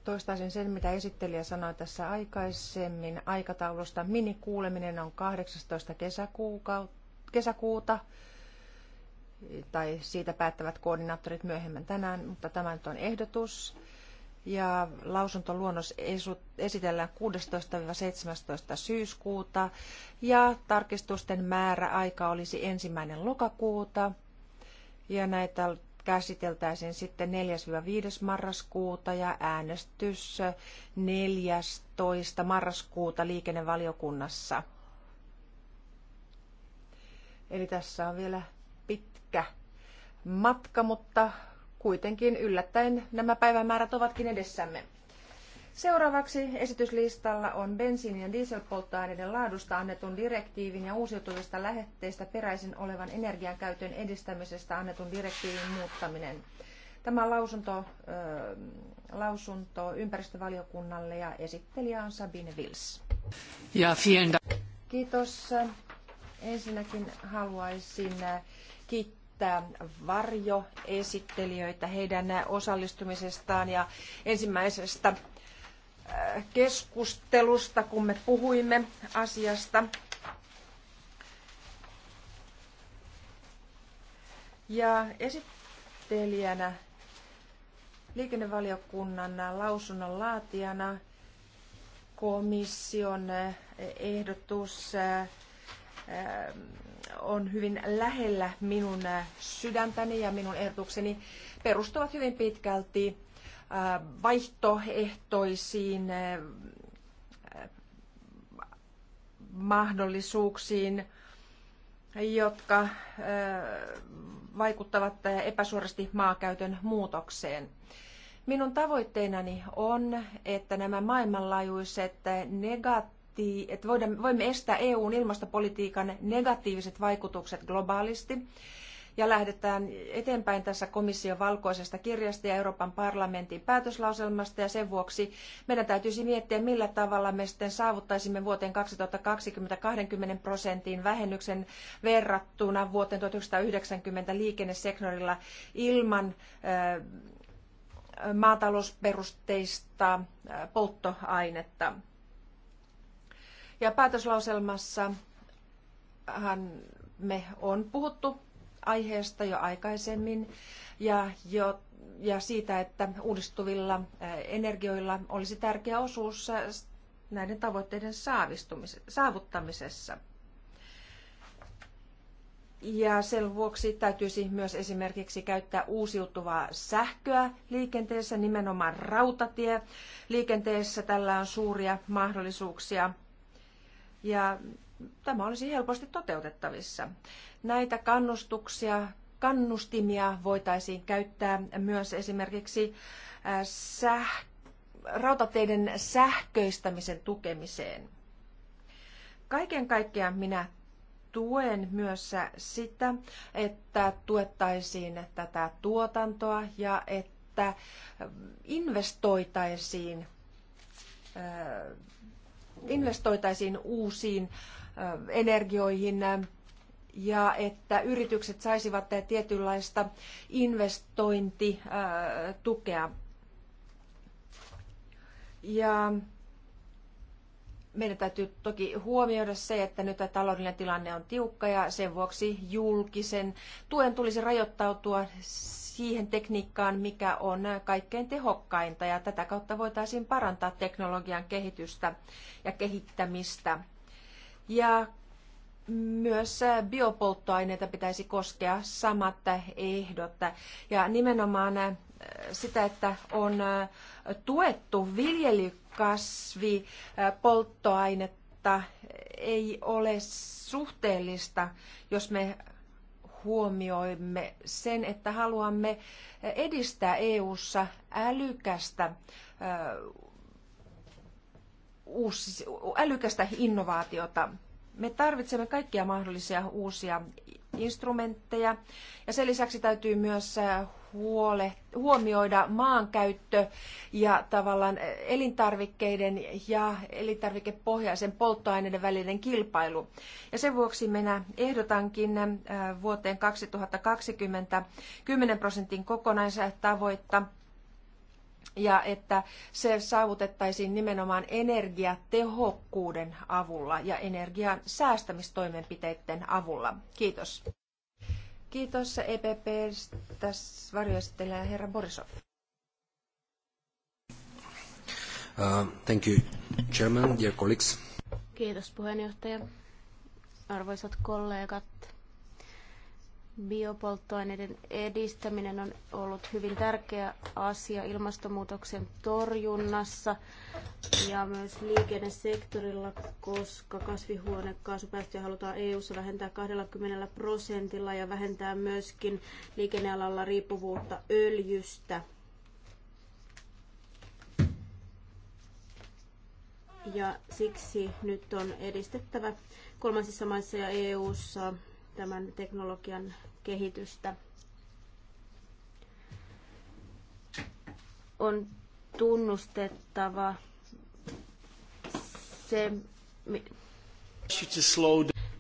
Toistaisin sen, mitä esittelijä sanoi tässä aikaisemmin aikataulusta. Minikuuleminen on 18. kesäkuuta tai siitä päättävät koordinaattorit myöhemmin tänään, mutta tämä nyt on ehdotus. Ja lausuntoluonnos esitellään 16-17 syyskuuta ja tarkistusten määrä aika olisi ensimmäinen lokakuuta. Ja näitä käsiteltäisiin sitten 4-5. marraskuuta ja äänestys 14. marraskuuta liikennevaliokunnassa. Eli tässä on vielä matka, mutta kuitenkin yllättäen nämä päivämäärät ovatkin edessämme. Seuraavaksi esityslistalla on bensiinin ja dieselpolttoaineiden laadusta annetun direktiivin ja uusiutuvista lähetteistä peräisin olevan energiankäytön edistämisestä annetun direktiivin muuttaminen. Tämä lausunto, äh, lausunto ympäristövaliokunnalle ja esittelijä on Sabine Wills. Ja, Kiitos. Ensinnäkin haluaisin kiittää kiittää varjoesittelijöitä heidän osallistumisestaan ja ensimmäisestä äh, keskustelusta, kun me puhuimme asiasta. Ja esittelijänä, liikennevaliokunnan lausunnon laatijana komission ehdotus äh, on hyvin lähellä minun äh, sydäntäni ja minun ehdotukseni perustuvat hyvin pitkälti äh, vaihtoehtoisiin äh, mahdollisuuksiin, jotka vaikuttavat epäsuorasti maakäytön muutokseen. Minun tavoitteenani on, että nämä maailmanlaajuiset negatiiviset vaatii, että voimme estää EUn ilmastopolitiikan negatiiviset vaikutukset globaalisti ja lähdetään eteenpäin tässä komission valkoisesta kirjasta ja Euroopan parlamentin päätöslauselmasta ja sen vuoksi meidän täytyisi miettiä, millä tavalla me sitten saavuttaisimme vuoteen 2020 20 prosentin vähennyksen verrattuna vuoteen 1990 liikennesektorilla ilman maatalousperusteista polttoainetta. Ja päätöslauselmassa me on puhuttu aiheesta jo aikaisemmin ja, jo, ja siitä, että uudistuvilla energioilla olisi tärkeä osuus näiden tavoitteiden saavuttamisessa. Ja sen vuoksi täytyisi myös esimerkiksi käyttää uusiutuvaa sähköä liikenteessä, nimenomaan rautatie. Liikenteessä tällä on suuria mahdollisuuksia ja tämä olisi helposti toteutettavissa. Näitä kannustuksia, kannustimia voitaisiin käyttää myös esimerkiksi säh- rautateiden sähköistämisen tukemiseen. Kaiken kaikkiaan minä tuen myös sitä, että tuettaisiin tätä tuotantoa ja että investoitaisiin investoitaisiin uusiin energioihin ja että yritykset saisivat tietynlaista investointitukea. Ja meidän täytyy toki huomioida se, että nyt taloudellinen tilanne on tiukka ja sen vuoksi julkisen tuen tulisi rajoittautua siihen tekniikkaan, mikä on kaikkein tehokkainta ja tätä kautta voitaisiin parantaa teknologian kehitystä ja kehittämistä. Ja myös biopolttoaineita pitäisi koskea samat ehdot. Ja nimenomaan sitä, että on tuettu viljelykasvi polttoainetta ei ole suhteellista, jos me huomioimme sen, että haluamme edistää EU:ssa älykästä älykästä innovaatiota. Me tarvitsemme kaikkia mahdollisia uusia instrumentteja ja sen lisäksi täytyy myös huole, huomioida maankäyttö ja tavallaan elintarvikkeiden ja elintarvikepohjaisen polttoaineiden välinen kilpailu. Ja sen vuoksi minä ehdotankin äh, vuoteen 2020 10 prosentin kokonaistavoitta ja että se saavutettaisiin nimenomaan energiatehokkuuden avulla ja energian säästämistoimenpiteiden avulla. Kiitos. Kiitos EPPstä varjoistelee herra Borisov. Uh, thank you, Chairman, dear colleagues. Kiitos puheenjohtaja. Arvoisat kollegat, Biopolttoaineiden edistäminen on ollut hyvin tärkeä asia ilmastonmuutoksen torjunnassa ja myös liikennesektorilla, koska kasvihuonekaasupäästöjä halutaan EU-ssa vähentää 20 prosentilla ja vähentää myöskin liikennealalla riippuvuutta öljystä. Ja siksi nyt on edistettävä kolmansissa maissa ja EU:ssa tämän teknologian kehitystä. On tunnustettava se,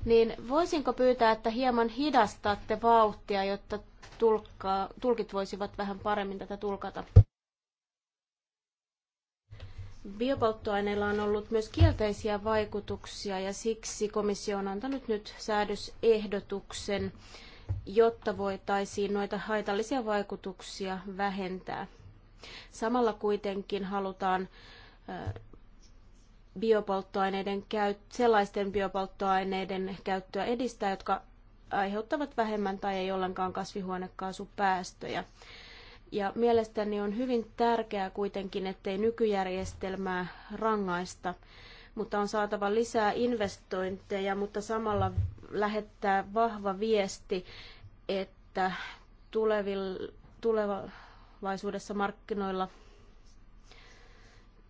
niin voisinko pyytää, että hieman hidastatte vauhtia, jotta tulkkaa, tulkit voisivat vähän paremmin tätä tulkata? Biopolttoaineilla on ollut myös kielteisiä vaikutuksia ja siksi komissio on antanut nyt säädösehdotuksen, jotta voitaisiin noita haitallisia vaikutuksia vähentää. Samalla kuitenkin halutaan biopolttoaineiden käyt, sellaisten biopolttoaineiden käyttöä edistää, jotka aiheuttavat vähemmän tai ei ollenkaan kasvihuonekaasupäästöjä. Ja mielestäni on hyvin tärkeää kuitenkin, ettei nykyjärjestelmää rangaista, mutta on saatava lisää investointeja, mutta samalla lähettää vahva viesti, että tulevil, tulevaisuudessa markkinoilla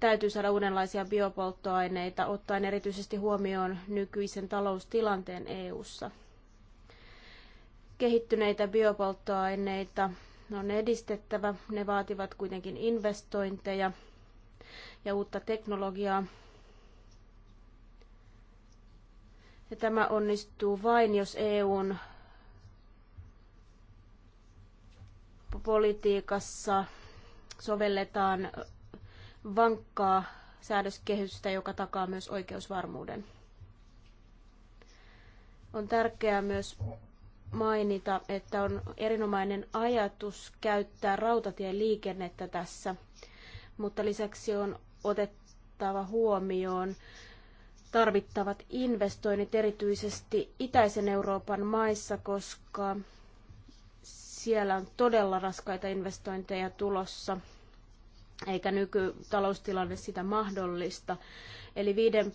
täytyy saada uudenlaisia biopolttoaineita, ottaen erityisesti huomioon nykyisen taloustilanteen EU:ssa. Kehittyneitä biopolttoaineita ne on edistettävä. Ne vaativat kuitenkin investointeja ja uutta teknologiaa. Ja tämä onnistuu vain, jos EUn politiikassa sovelletaan vankkaa säädöskehystä, joka takaa myös oikeusvarmuuden. On tärkeää myös mainita, että on erinomainen ajatus käyttää rautatieliikennettä tässä, mutta lisäksi on otettava huomioon tarvittavat investoinnit erityisesti itäisen Euroopan maissa, koska siellä on todella raskaita investointeja tulossa, eikä nykytaloustilanne sitä mahdollista. Eli viiden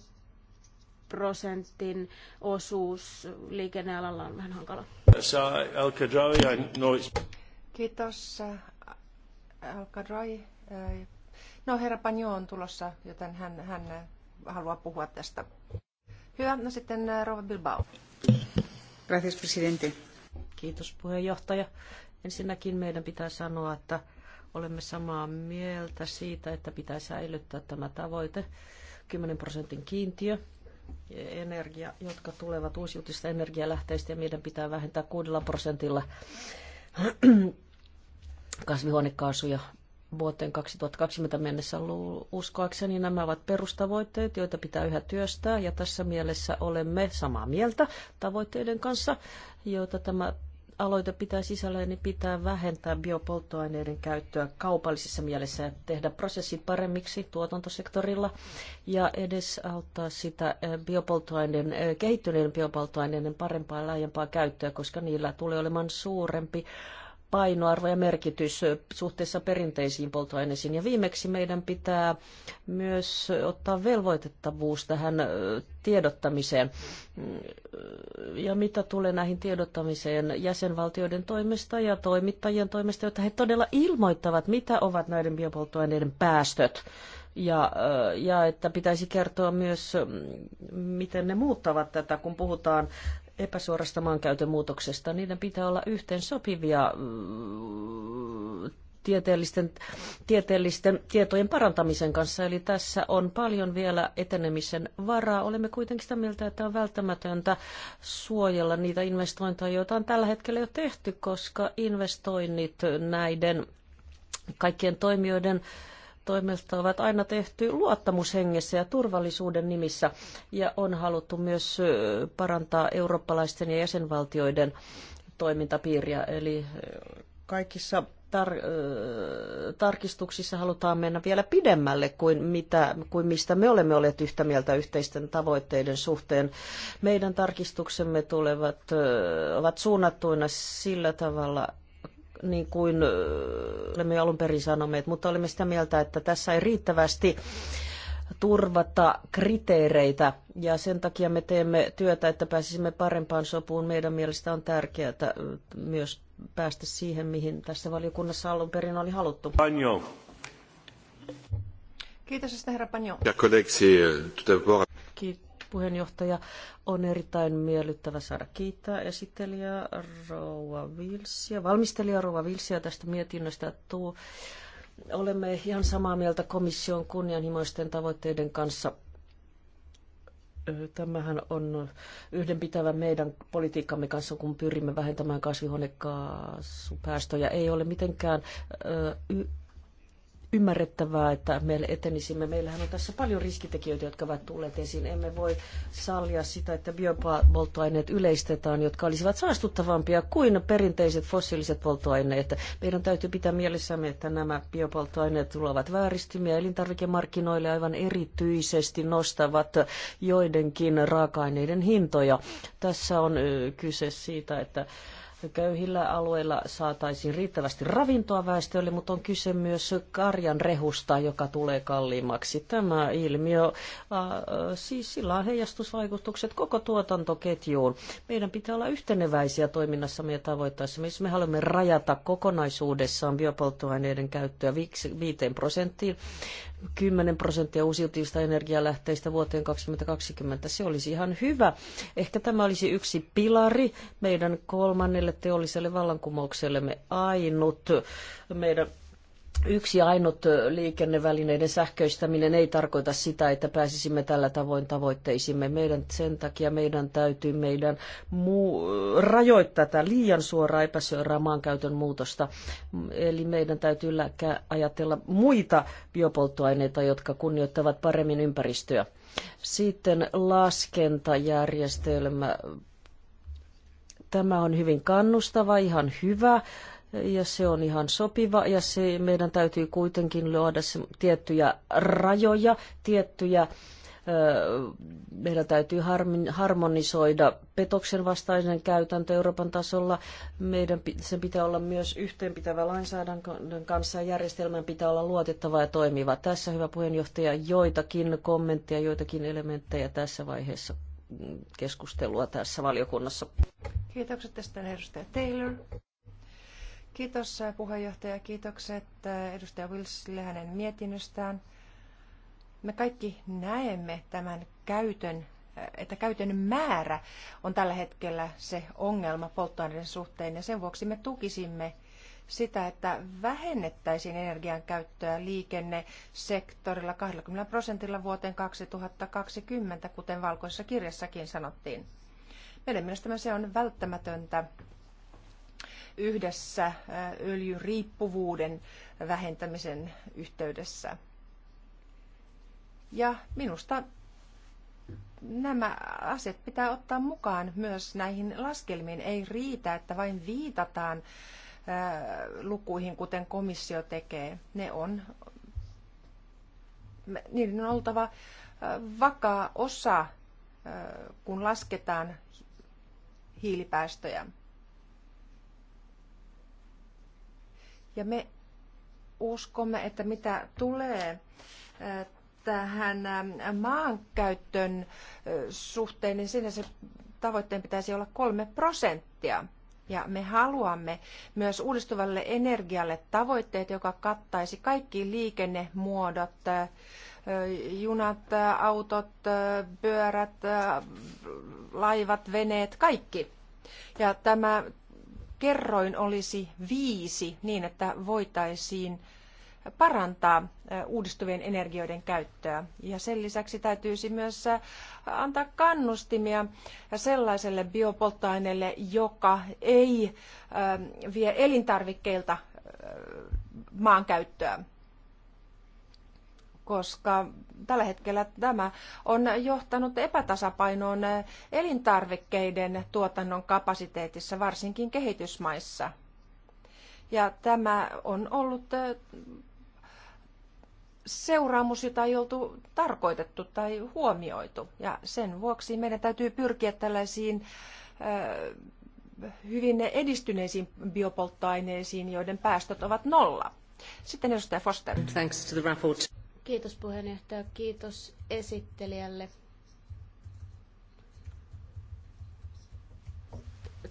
prosentin osuus liikennealalla on vähän hankala. Kiitos. Alkadrai. Äh, äh, no herra Panjo on tulossa, joten hän, hän haluaa puhua tästä. Hyvä, no sitten äh, Rova Bilbao. Gracias, presidente. Kiitos puheenjohtaja. Ensinnäkin meidän pitää sanoa, että olemme samaa mieltä siitä, että pitää säilyttää tämä tavoite 10 prosentin kiintiö energia, jotka tulevat uusiutuvista energialähteistä ja meidän pitää vähentää 6 prosentilla kasvihuonekaasuja vuoteen 2020 mennessä. Uskoakseni nämä ovat perustavoitteet, joita pitää yhä työstää ja tässä mielessä olemme samaa mieltä tavoitteiden kanssa, joita tämä aloite pitää sisällään, niin pitää vähentää biopolttoaineiden käyttöä kaupallisessa mielessä ja tehdä prosessi paremmiksi tuotantosektorilla ja edesauttaa sitä eh, biopolttoaineiden, eh, kehittyneiden biopolttoaineiden parempaa ja laajempaa käyttöä, koska niillä tulee olemaan suurempi painoarvo ja merkitys suhteessa perinteisiin polttoaineisiin. Ja viimeksi meidän pitää myös ottaa velvoitettavuus tähän tiedottamiseen. Ja mitä tulee näihin tiedottamiseen jäsenvaltioiden toimesta ja toimittajien toimesta, jotta he todella ilmoittavat, mitä ovat näiden biopolttoaineiden päästöt. Ja, ja että pitäisi kertoa myös, miten ne muuttavat tätä, kun puhutaan epäsuorasta maankäytön muutoksesta. Niiden pitää olla yhteen sopivia mm, tieteellisten, tieteellisten tietojen parantamisen kanssa. Eli tässä on paljon vielä etenemisen varaa. Olemme kuitenkin sitä mieltä, että on välttämätöntä suojella niitä investointeja, joita on tällä hetkellä jo tehty, koska investoinnit näiden kaikkien toimijoiden äh, toimesta ovat aina tehty luottamushengessä ja turvallisuuden nimissä ja on haluttu myös parantaa eurooppalaisten ja jäsenvaltioiden toimintapiiriä. Eli kaikissa tar- tarkistuksissa halutaan mennä vielä pidemmälle kuin, mitä, kuin mistä me olemme olleet yhtä mieltä yhteisten tavoitteiden suhteen. Meidän tarkistuksemme tulevat, ovat suunnattuina sillä tavalla, niin kuin olemme alun perin sanoneet, mutta olemme sitä mieltä, että tässä ei riittävästi turvata kriteereitä ja sen takia me teemme työtä, että pääsisimme parempaan sopuun. Meidän mielestä on tärkeää myös päästä siihen, mihin tässä valiokunnassa alun perin oli haluttu. Panjo. Kiitos, herra Panjo. Tuota, Kiitos puheenjohtaja. On erittäin miellyttävä saada kiittää esittelijä Rouva Vilsia, valmistelija Rouva Vilsia tästä mietinnöstä. Tuu. Olemme ihan samaa mieltä komission kunnianhimoisten tavoitteiden kanssa. Tämähän on yhdenpitävä meidän politiikkamme kanssa, kun pyrimme vähentämään kasvihuonekaasupäästöjä. Ei ole mitenkään ymmärrettävää, että me etenisimme. Meillähän on tässä paljon riskitekijöitä, jotka ovat tulleet esiin. Emme voi sallia sitä, että biopolttoaineet yleistetään, jotka olisivat saastuttavampia kuin perinteiset fossiiliset polttoaineet. Meidän täytyy pitää mielessämme, että nämä biopolttoaineet tulevat vääristymiä elintarvikemarkkinoille aivan erityisesti nostavat joidenkin raaka-aineiden hintoja. Tässä on kyse siitä, että köyhillä alueilla saataisiin riittävästi ravintoa väestölle, mutta on kyse myös karjan rehusta, joka tulee kalliimmaksi. Tämä ilmiö, äh, siis sillä on heijastusvaikutukset koko tuotantoketjuun. Meidän pitää olla yhteneväisiä toiminnassamme ja tavoitteissamme. Jos me haluamme rajata kokonaisuudessaan biopolttoaineiden käyttöä 5 prosenttiin, 10 prosenttia uusiutuvista energialähteistä vuoteen 2020. Se olisi ihan hyvä. Ehkä tämä olisi yksi pilari meidän kolmannelle teolliselle vallankumouksellemme ainut meidän Yksi ainut liikennevälineiden sähköistäminen ei tarkoita sitä, että pääsisimme tällä tavoin tavoitteisimme. Meidän sen takia meidän täytyy meidän muu, rajoittaa tätä liian suoraa epäsuoraa maankäytön muutosta. Eli meidän täytyy ajatella muita biopolttoaineita, jotka kunnioittavat paremmin ympäristöä. Sitten laskentajärjestelmä. Tämä on hyvin kannustava, ihan hyvä ja se on ihan sopiva ja se, meidän täytyy kuitenkin luoda se, tiettyjä rajoja, tiettyjä meidän täytyy harmonisoida petoksen vastainen käytäntö Euroopan tasolla. Meidän sen pitää olla myös yhteenpitävä lainsäädännön kanssa ja järjestelmän pitää olla luotettava ja toimiva. Tässä, hyvä puheenjohtaja, joitakin kommentteja, joitakin elementtejä tässä vaiheessa mm, keskustelua tässä valiokunnassa. Kiitokset tästä edustaja Taylor. Kiitos äh, puheenjohtaja, kiitokset äh, edustaja Wilsille hänen mietinnöstään. Me kaikki näemme tämän käytön, äh, että käytön määrä on tällä hetkellä se ongelma polttoaineiden suhteen ja sen vuoksi me tukisimme sitä, että vähennettäisiin energian käyttöä liikennesektorilla 20 prosentilla vuoteen 2020, kuten valkoisessa kirjassakin sanottiin. Meidän mielestämme se on välttämätöntä yhdessä öljyriippuvuuden vähentämisen yhteydessä. Ja minusta nämä asiat pitää ottaa mukaan myös näihin laskelmiin. Ei riitä, että vain viitataan lukuihin, kuten komissio tekee. Ne on, niiden on oltava vakaa osa, kun lasketaan hiilipäästöjä. Ja me uskomme, että mitä tulee äh, tähän äh, maankäytön äh, suhteen, niin siinä se tavoitteen pitäisi olla kolme prosenttia. Ja me haluamme myös uudistuvalle energialle tavoitteet, joka kattaisi kaikki liikennemuodot, junat, autot, pyörät, laivat, veneet, kaikki. Ja tämä kerroin olisi viisi niin, että voitaisiin parantaa uudistuvien energioiden käyttöä. Ja sen lisäksi täytyisi myös antaa kannustimia sellaiselle biopolttoaineelle, joka ei vie elintarvikkeilta maankäyttöä koska tällä hetkellä tämä on johtanut epätasapainoon elintarvikkeiden tuotannon kapasiteetissa, varsinkin kehitysmaissa. Ja tämä on ollut seuraamus, jota ei oltu tarkoitettu tai huomioitu. Ja sen vuoksi meidän täytyy pyrkiä tällaisiin hyvin edistyneisiin biopolttoaineisiin, joiden päästöt ovat nolla. Sitten edustaja Foster. Thanks to the rapport. Kiitos puheenjohtaja, kiitos esittelijälle.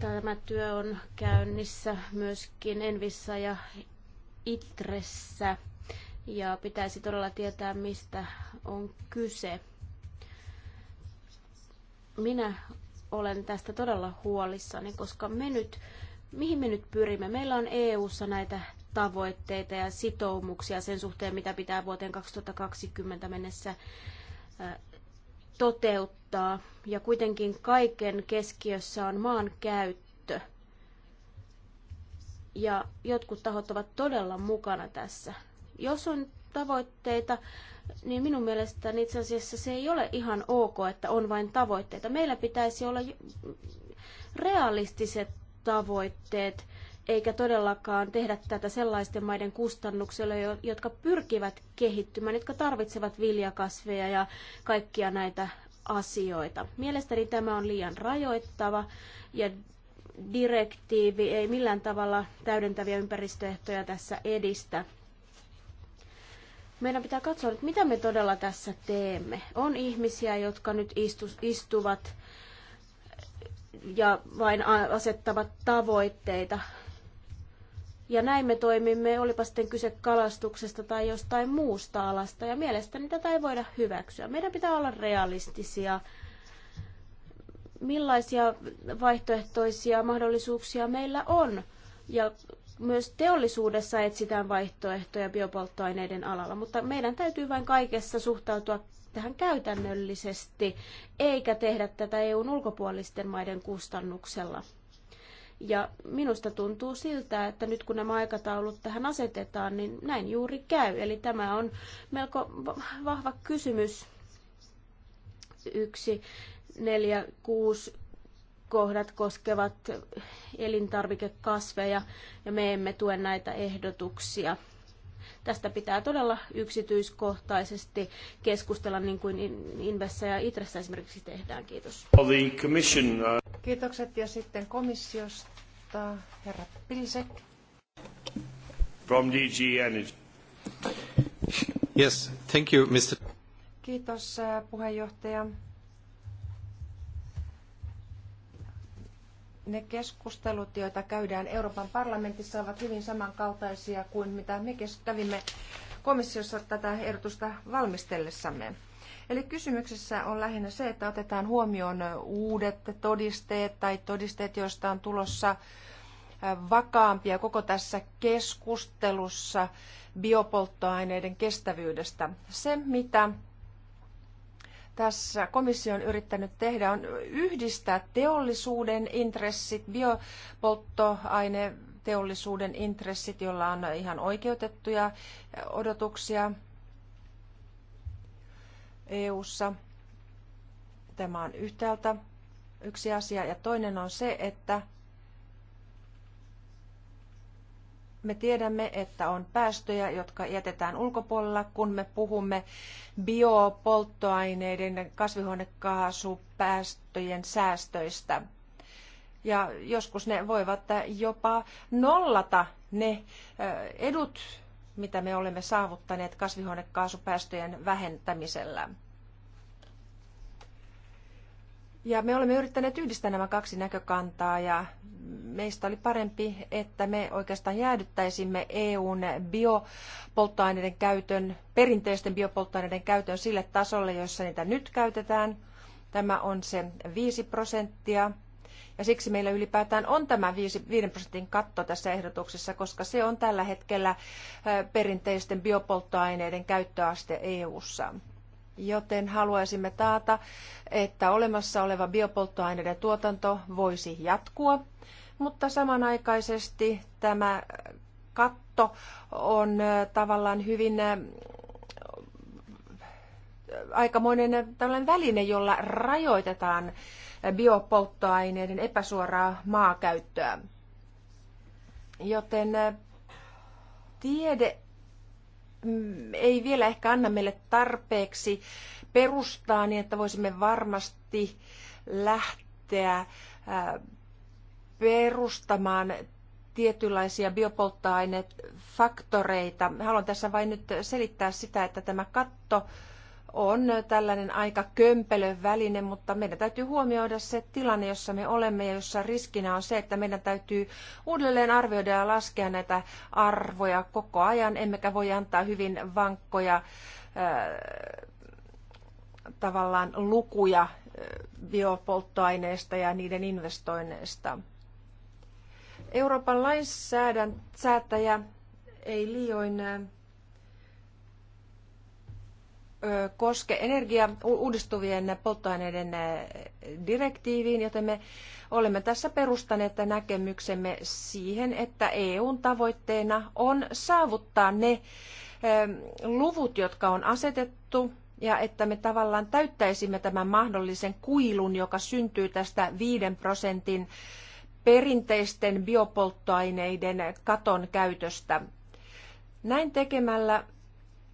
Tämä työ on käynnissä myöskin Envissä ja Itressä ja pitäisi todella tietää, mistä on kyse. Minä olen tästä todella huolissani, koska me nyt, mihin me nyt pyrimme? Meillä on EU-ssa näitä tavoitteita ja sitoumuksia sen suhteen, mitä pitää vuoteen 2020 mennessä toteuttaa. Ja kuitenkin kaiken keskiössä on maan käyttö. Ja jotkut tahot ovat todella mukana tässä. Jos on tavoitteita, niin minun mielestäni itse asiassa se ei ole ihan ok, että on vain tavoitteita. Meillä pitäisi olla realistiset tavoitteet eikä todellakaan tehdä tätä sellaisten maiden kustannuksella, jotka pyrkivät kehittymään, jotka tarvitsevat viljakasveja ja kaikkia näitä asioita. Mielestäni tämä on liian rajoittava ja direktiivi ei millään tavalla täydentäviä ympäristöehtoja tässä edistä. Meidän pitää katsoa, että mitä me todella tässä teemme. On ihmisiä, jotka nyt istu, istuvat ja vain asettavat tavoitteita ja näin me toimimme, olipa sitten kyse kalastuksesta tai jostain muusta alasta. Ja mielestäni tätä ei voida hyväksyä. Meidän pitää olla realistisia. Millaisia vaihtoehtoisia mahdollisuuksia meillä on? Ja myös teollisuudessa etsitään vaihtoehtoja biopolttoaineiden alalla, mutta meidän täytyy vain kaikessa suhtautua tähän käytännöllisesti, eikä tehdä tätä EUn ulkopuolisten maiden kustannuksella. Ja minusta tuntuu siltä, että nyt kun nämä aikataulut tähän asetetaan, niin näin juuri käy. Eli tämä on melko vahva kysymys. Yksi, neljä, kuusi kohdat koskevat elintarvikekasveja ja me emme tue näitä ehdotuksia. Tästä pitää todella yksityiskohtaisesti keskustella niin kuin Invessa ja Itressä esimerkiksi tehdään. Kiitos. Uh, Kiitokset ja sitten komissiosta herra Pilsek. From DG Energy. Yes, thank you, Mr. Kiitos äh, puheenjohtaja. ne keskustelut, joita käydään Euroopan parlamentissa, ovat hyvin samankaltaisia kuin mitä me kävimme komissiossa tätä ehdotusta valmistellessamme. Eli kysymyksessä on lähinnä se, että otetaan huomioon uudet todisteet tai todisteet, joista on tulossa äh, vakaampia koko tässä keskustelussa biopolttoaineiden kestävyydestä. Se, mitä tässä komissio on yrittänyt tehdä, on yhdistää teollisuuden intressit, biopolttoaine teollisuuden intressit, joilla on ihan oikeutettuja odotuksia EU:ssa. Tämä on yhtäältä yksi asia. Ja toinen on se, että Me tiedämme, että on päästöjä, jotka jätetään ulkopuolella, kun me puhumme biopolttoaineiden kasvihuonekaasupäästöjen säästöistä. Ja joskus ne voivat jopa nollata ne edut, mitä me olemme saavuttaneet kasvihuonekaasupäästöjen vähentämisellä. Ja me olemme yrittäneet yhdistää nämä kaksi näkökantaa ja meistä oli parempi, että me oikeastaan jäädyttäisimme EUn biopolttoaineiden käytön, perinteisten biopolttoaineiden käytön sille tasolle, jossa niitä nyt käytetään. Tämä on se 5 prosenttia. Ja siksi meillä ylipäätään on tämä 5 prosentin katto tässä ehdotuksessa, koska se on tällä hetkellä perinteisten biopolttoaineiden käyttöaste EU:ssa joten haluaisimme taata, että olemassa oleva biopolttoaineiden tuotanto voisi jatkua, mutta samanaikaisesti tämä katto on tavallaan hyvin aikamoinen tällainen väline, jolla rajoitetaan biopolttoaineiden epäsuoraa maakäyttöä. Joten tiede Mm, ei vielä ehkä anna meille tarpeeksi perustaa niin, että voisimme varmasti lähteä äh, perustamaan tietynlaisia biopolttoainefaktoreita. Haluan tässä vain nyt selittää sitä, että tämä katto on tällainen aika kömpelön väline, mutta meidän täytyy huomioida se tilanne, jossa me olemme ja jossa riskinä on se, että meidän täytyy uudelleen arvioida ja laskea näitä arvoja koko ajan, emmekä voi antaa hyvin vankkoja äh, tavallaan lukuja äh, biopolttoaineista ja niiden investoinneista. Euroopan lainsäätäjä ei liioin äh, koske energia uudistuvien polttoaineiden direktiiviin, joten me olemme tässä perustaneet näkemyksemme siihen, että EUn tavoitteena on saavuttaa ne luvut, jotka on asetettu ja että me tavallaan täyttäisimme tämän mahdollisen kuilun, joka syntyy tästä viiden prosentin perinteisten biopolttoaineiden katon käytöstä. Näin tekemällä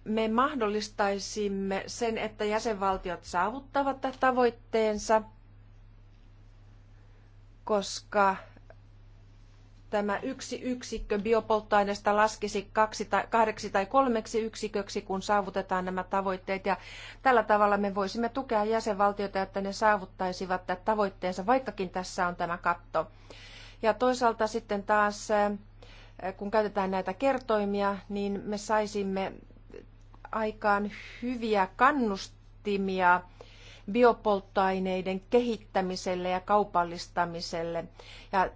me mahdollistaisimme sen, että jäsenvaltiot saavuttavat tavoitteensa, koska tämä yksi yksikkö biopolttoaineesta laskisi kaksi tai, kahdeksi tai kolmeksi yksiköksi, kun saavutetaan nämä tavoitteet. Ja tällä tavalla me voisimme tukea jäsenvaltioita, että ne saavuttaisivat tavoitteensa, vaikkakin tässä on tämä katto. Ja toisaalta sitten taas, eh, kun käytetään näitä kertoimia, niin me saisimme aikaan hyviä kannustimia biopolttoaineiden kehittämiselle ja kaupallistamiselle. Ja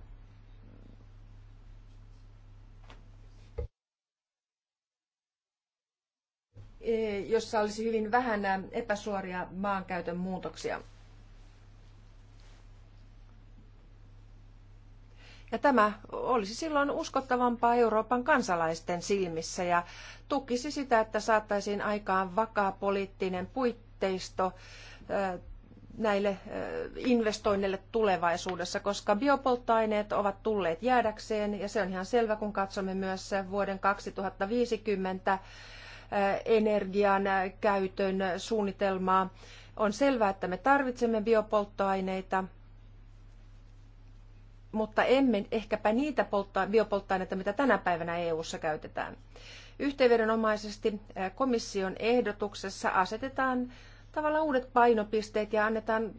e, jossa olisi hyvin vähän epäsuoria maankäytön muutoksia. Ja tämä olisi silloin uskottavampaa Euroopan kansalaisten silmissä ja tukisi sitä, että saataisiin aikaan vakaa poliittinen puitteisto näille investoinneille tulevaisuudessa, koska biopolttoaineet ovat tulleet jäädäkseen ja se on ihan selvä, kun katsomme myös vuoden 2050 energian käytön suunnitelmaa. On selvää, että me tarvitsemme biopolttoaineita mutta emme ehkäpä niitä biopolttoaineita, mitä tänä päivänä EU:ssa käytetään. Yhteenvedonomaisesti komission ehdotuksessa asetetaan tavallaan uudet painopisteet ja annetaan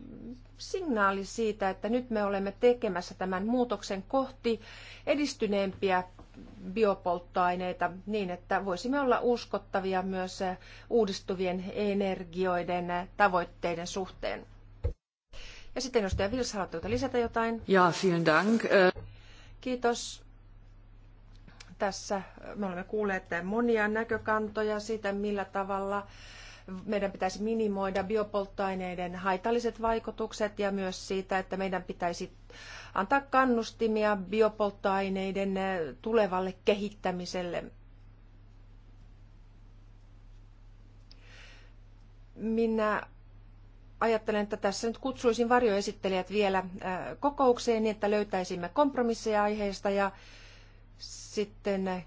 signaali siitä, että nyt me olemme tekemässä tämän muutoksen kohti edistyneempiä biopolttoaineita niin, että voisimme olla uskottavia myös uudistuvien energioiden tavoitteiden suhteen. Ja sitten edustaja Vils, haluatteko lisätä jotain? Ja, vielen dank. Äh, Kiitos. Tässä me olemme kuulleet monia näkökantoja siitä, millä tavalla meidän pitäisi minimoida biopolttoaineiden haitalliset vaikutukset ja myös siitä, että meidän pitäisi antaa kannustimia biopolttoaineiden äh, tulevalle kehittämiselle. Minä ajattelen, että tässä nyt kutsuisin varjoesittelijät vielä äh, kokoukseen niin, että löytäisimme kompromisseja aiheesta ja sitten äh,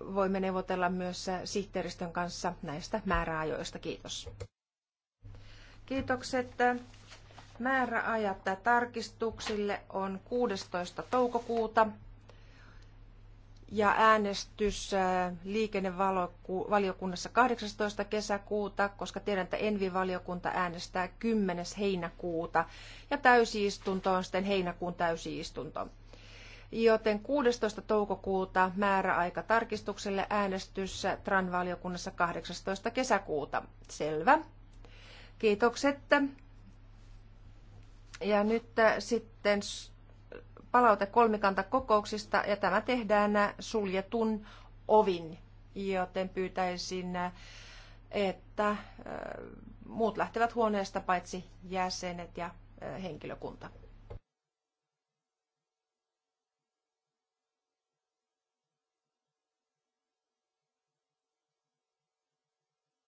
voimme neuvotella myös äh, sihteeristön kanssa näistä määräajoista. Kiitos. Kiitokset. Määräajat tarkistuksille on 16. toukokuuta ja äänestys äh, liikennevaliokunnassa 18. kesäkuuta, koska tiedän, että Envi-valiokunta äänestää 10. heinäkuuta ja täysistunto on sitten heinäkuun täysistunto. Joten 16. toukokuuta määräaika tarkistukselle äänestys TRAN-valiokunnassa 18. kesäkuuta. Selvä. Kiitokset. Ja nyt sitten palaute kolmikantakokouksista ja tämä tehdään suljetun ovin, joten pyytäisin, että äh, muut lähtevät huoneesta paitsi jäsenet ja äh, henkilökunta.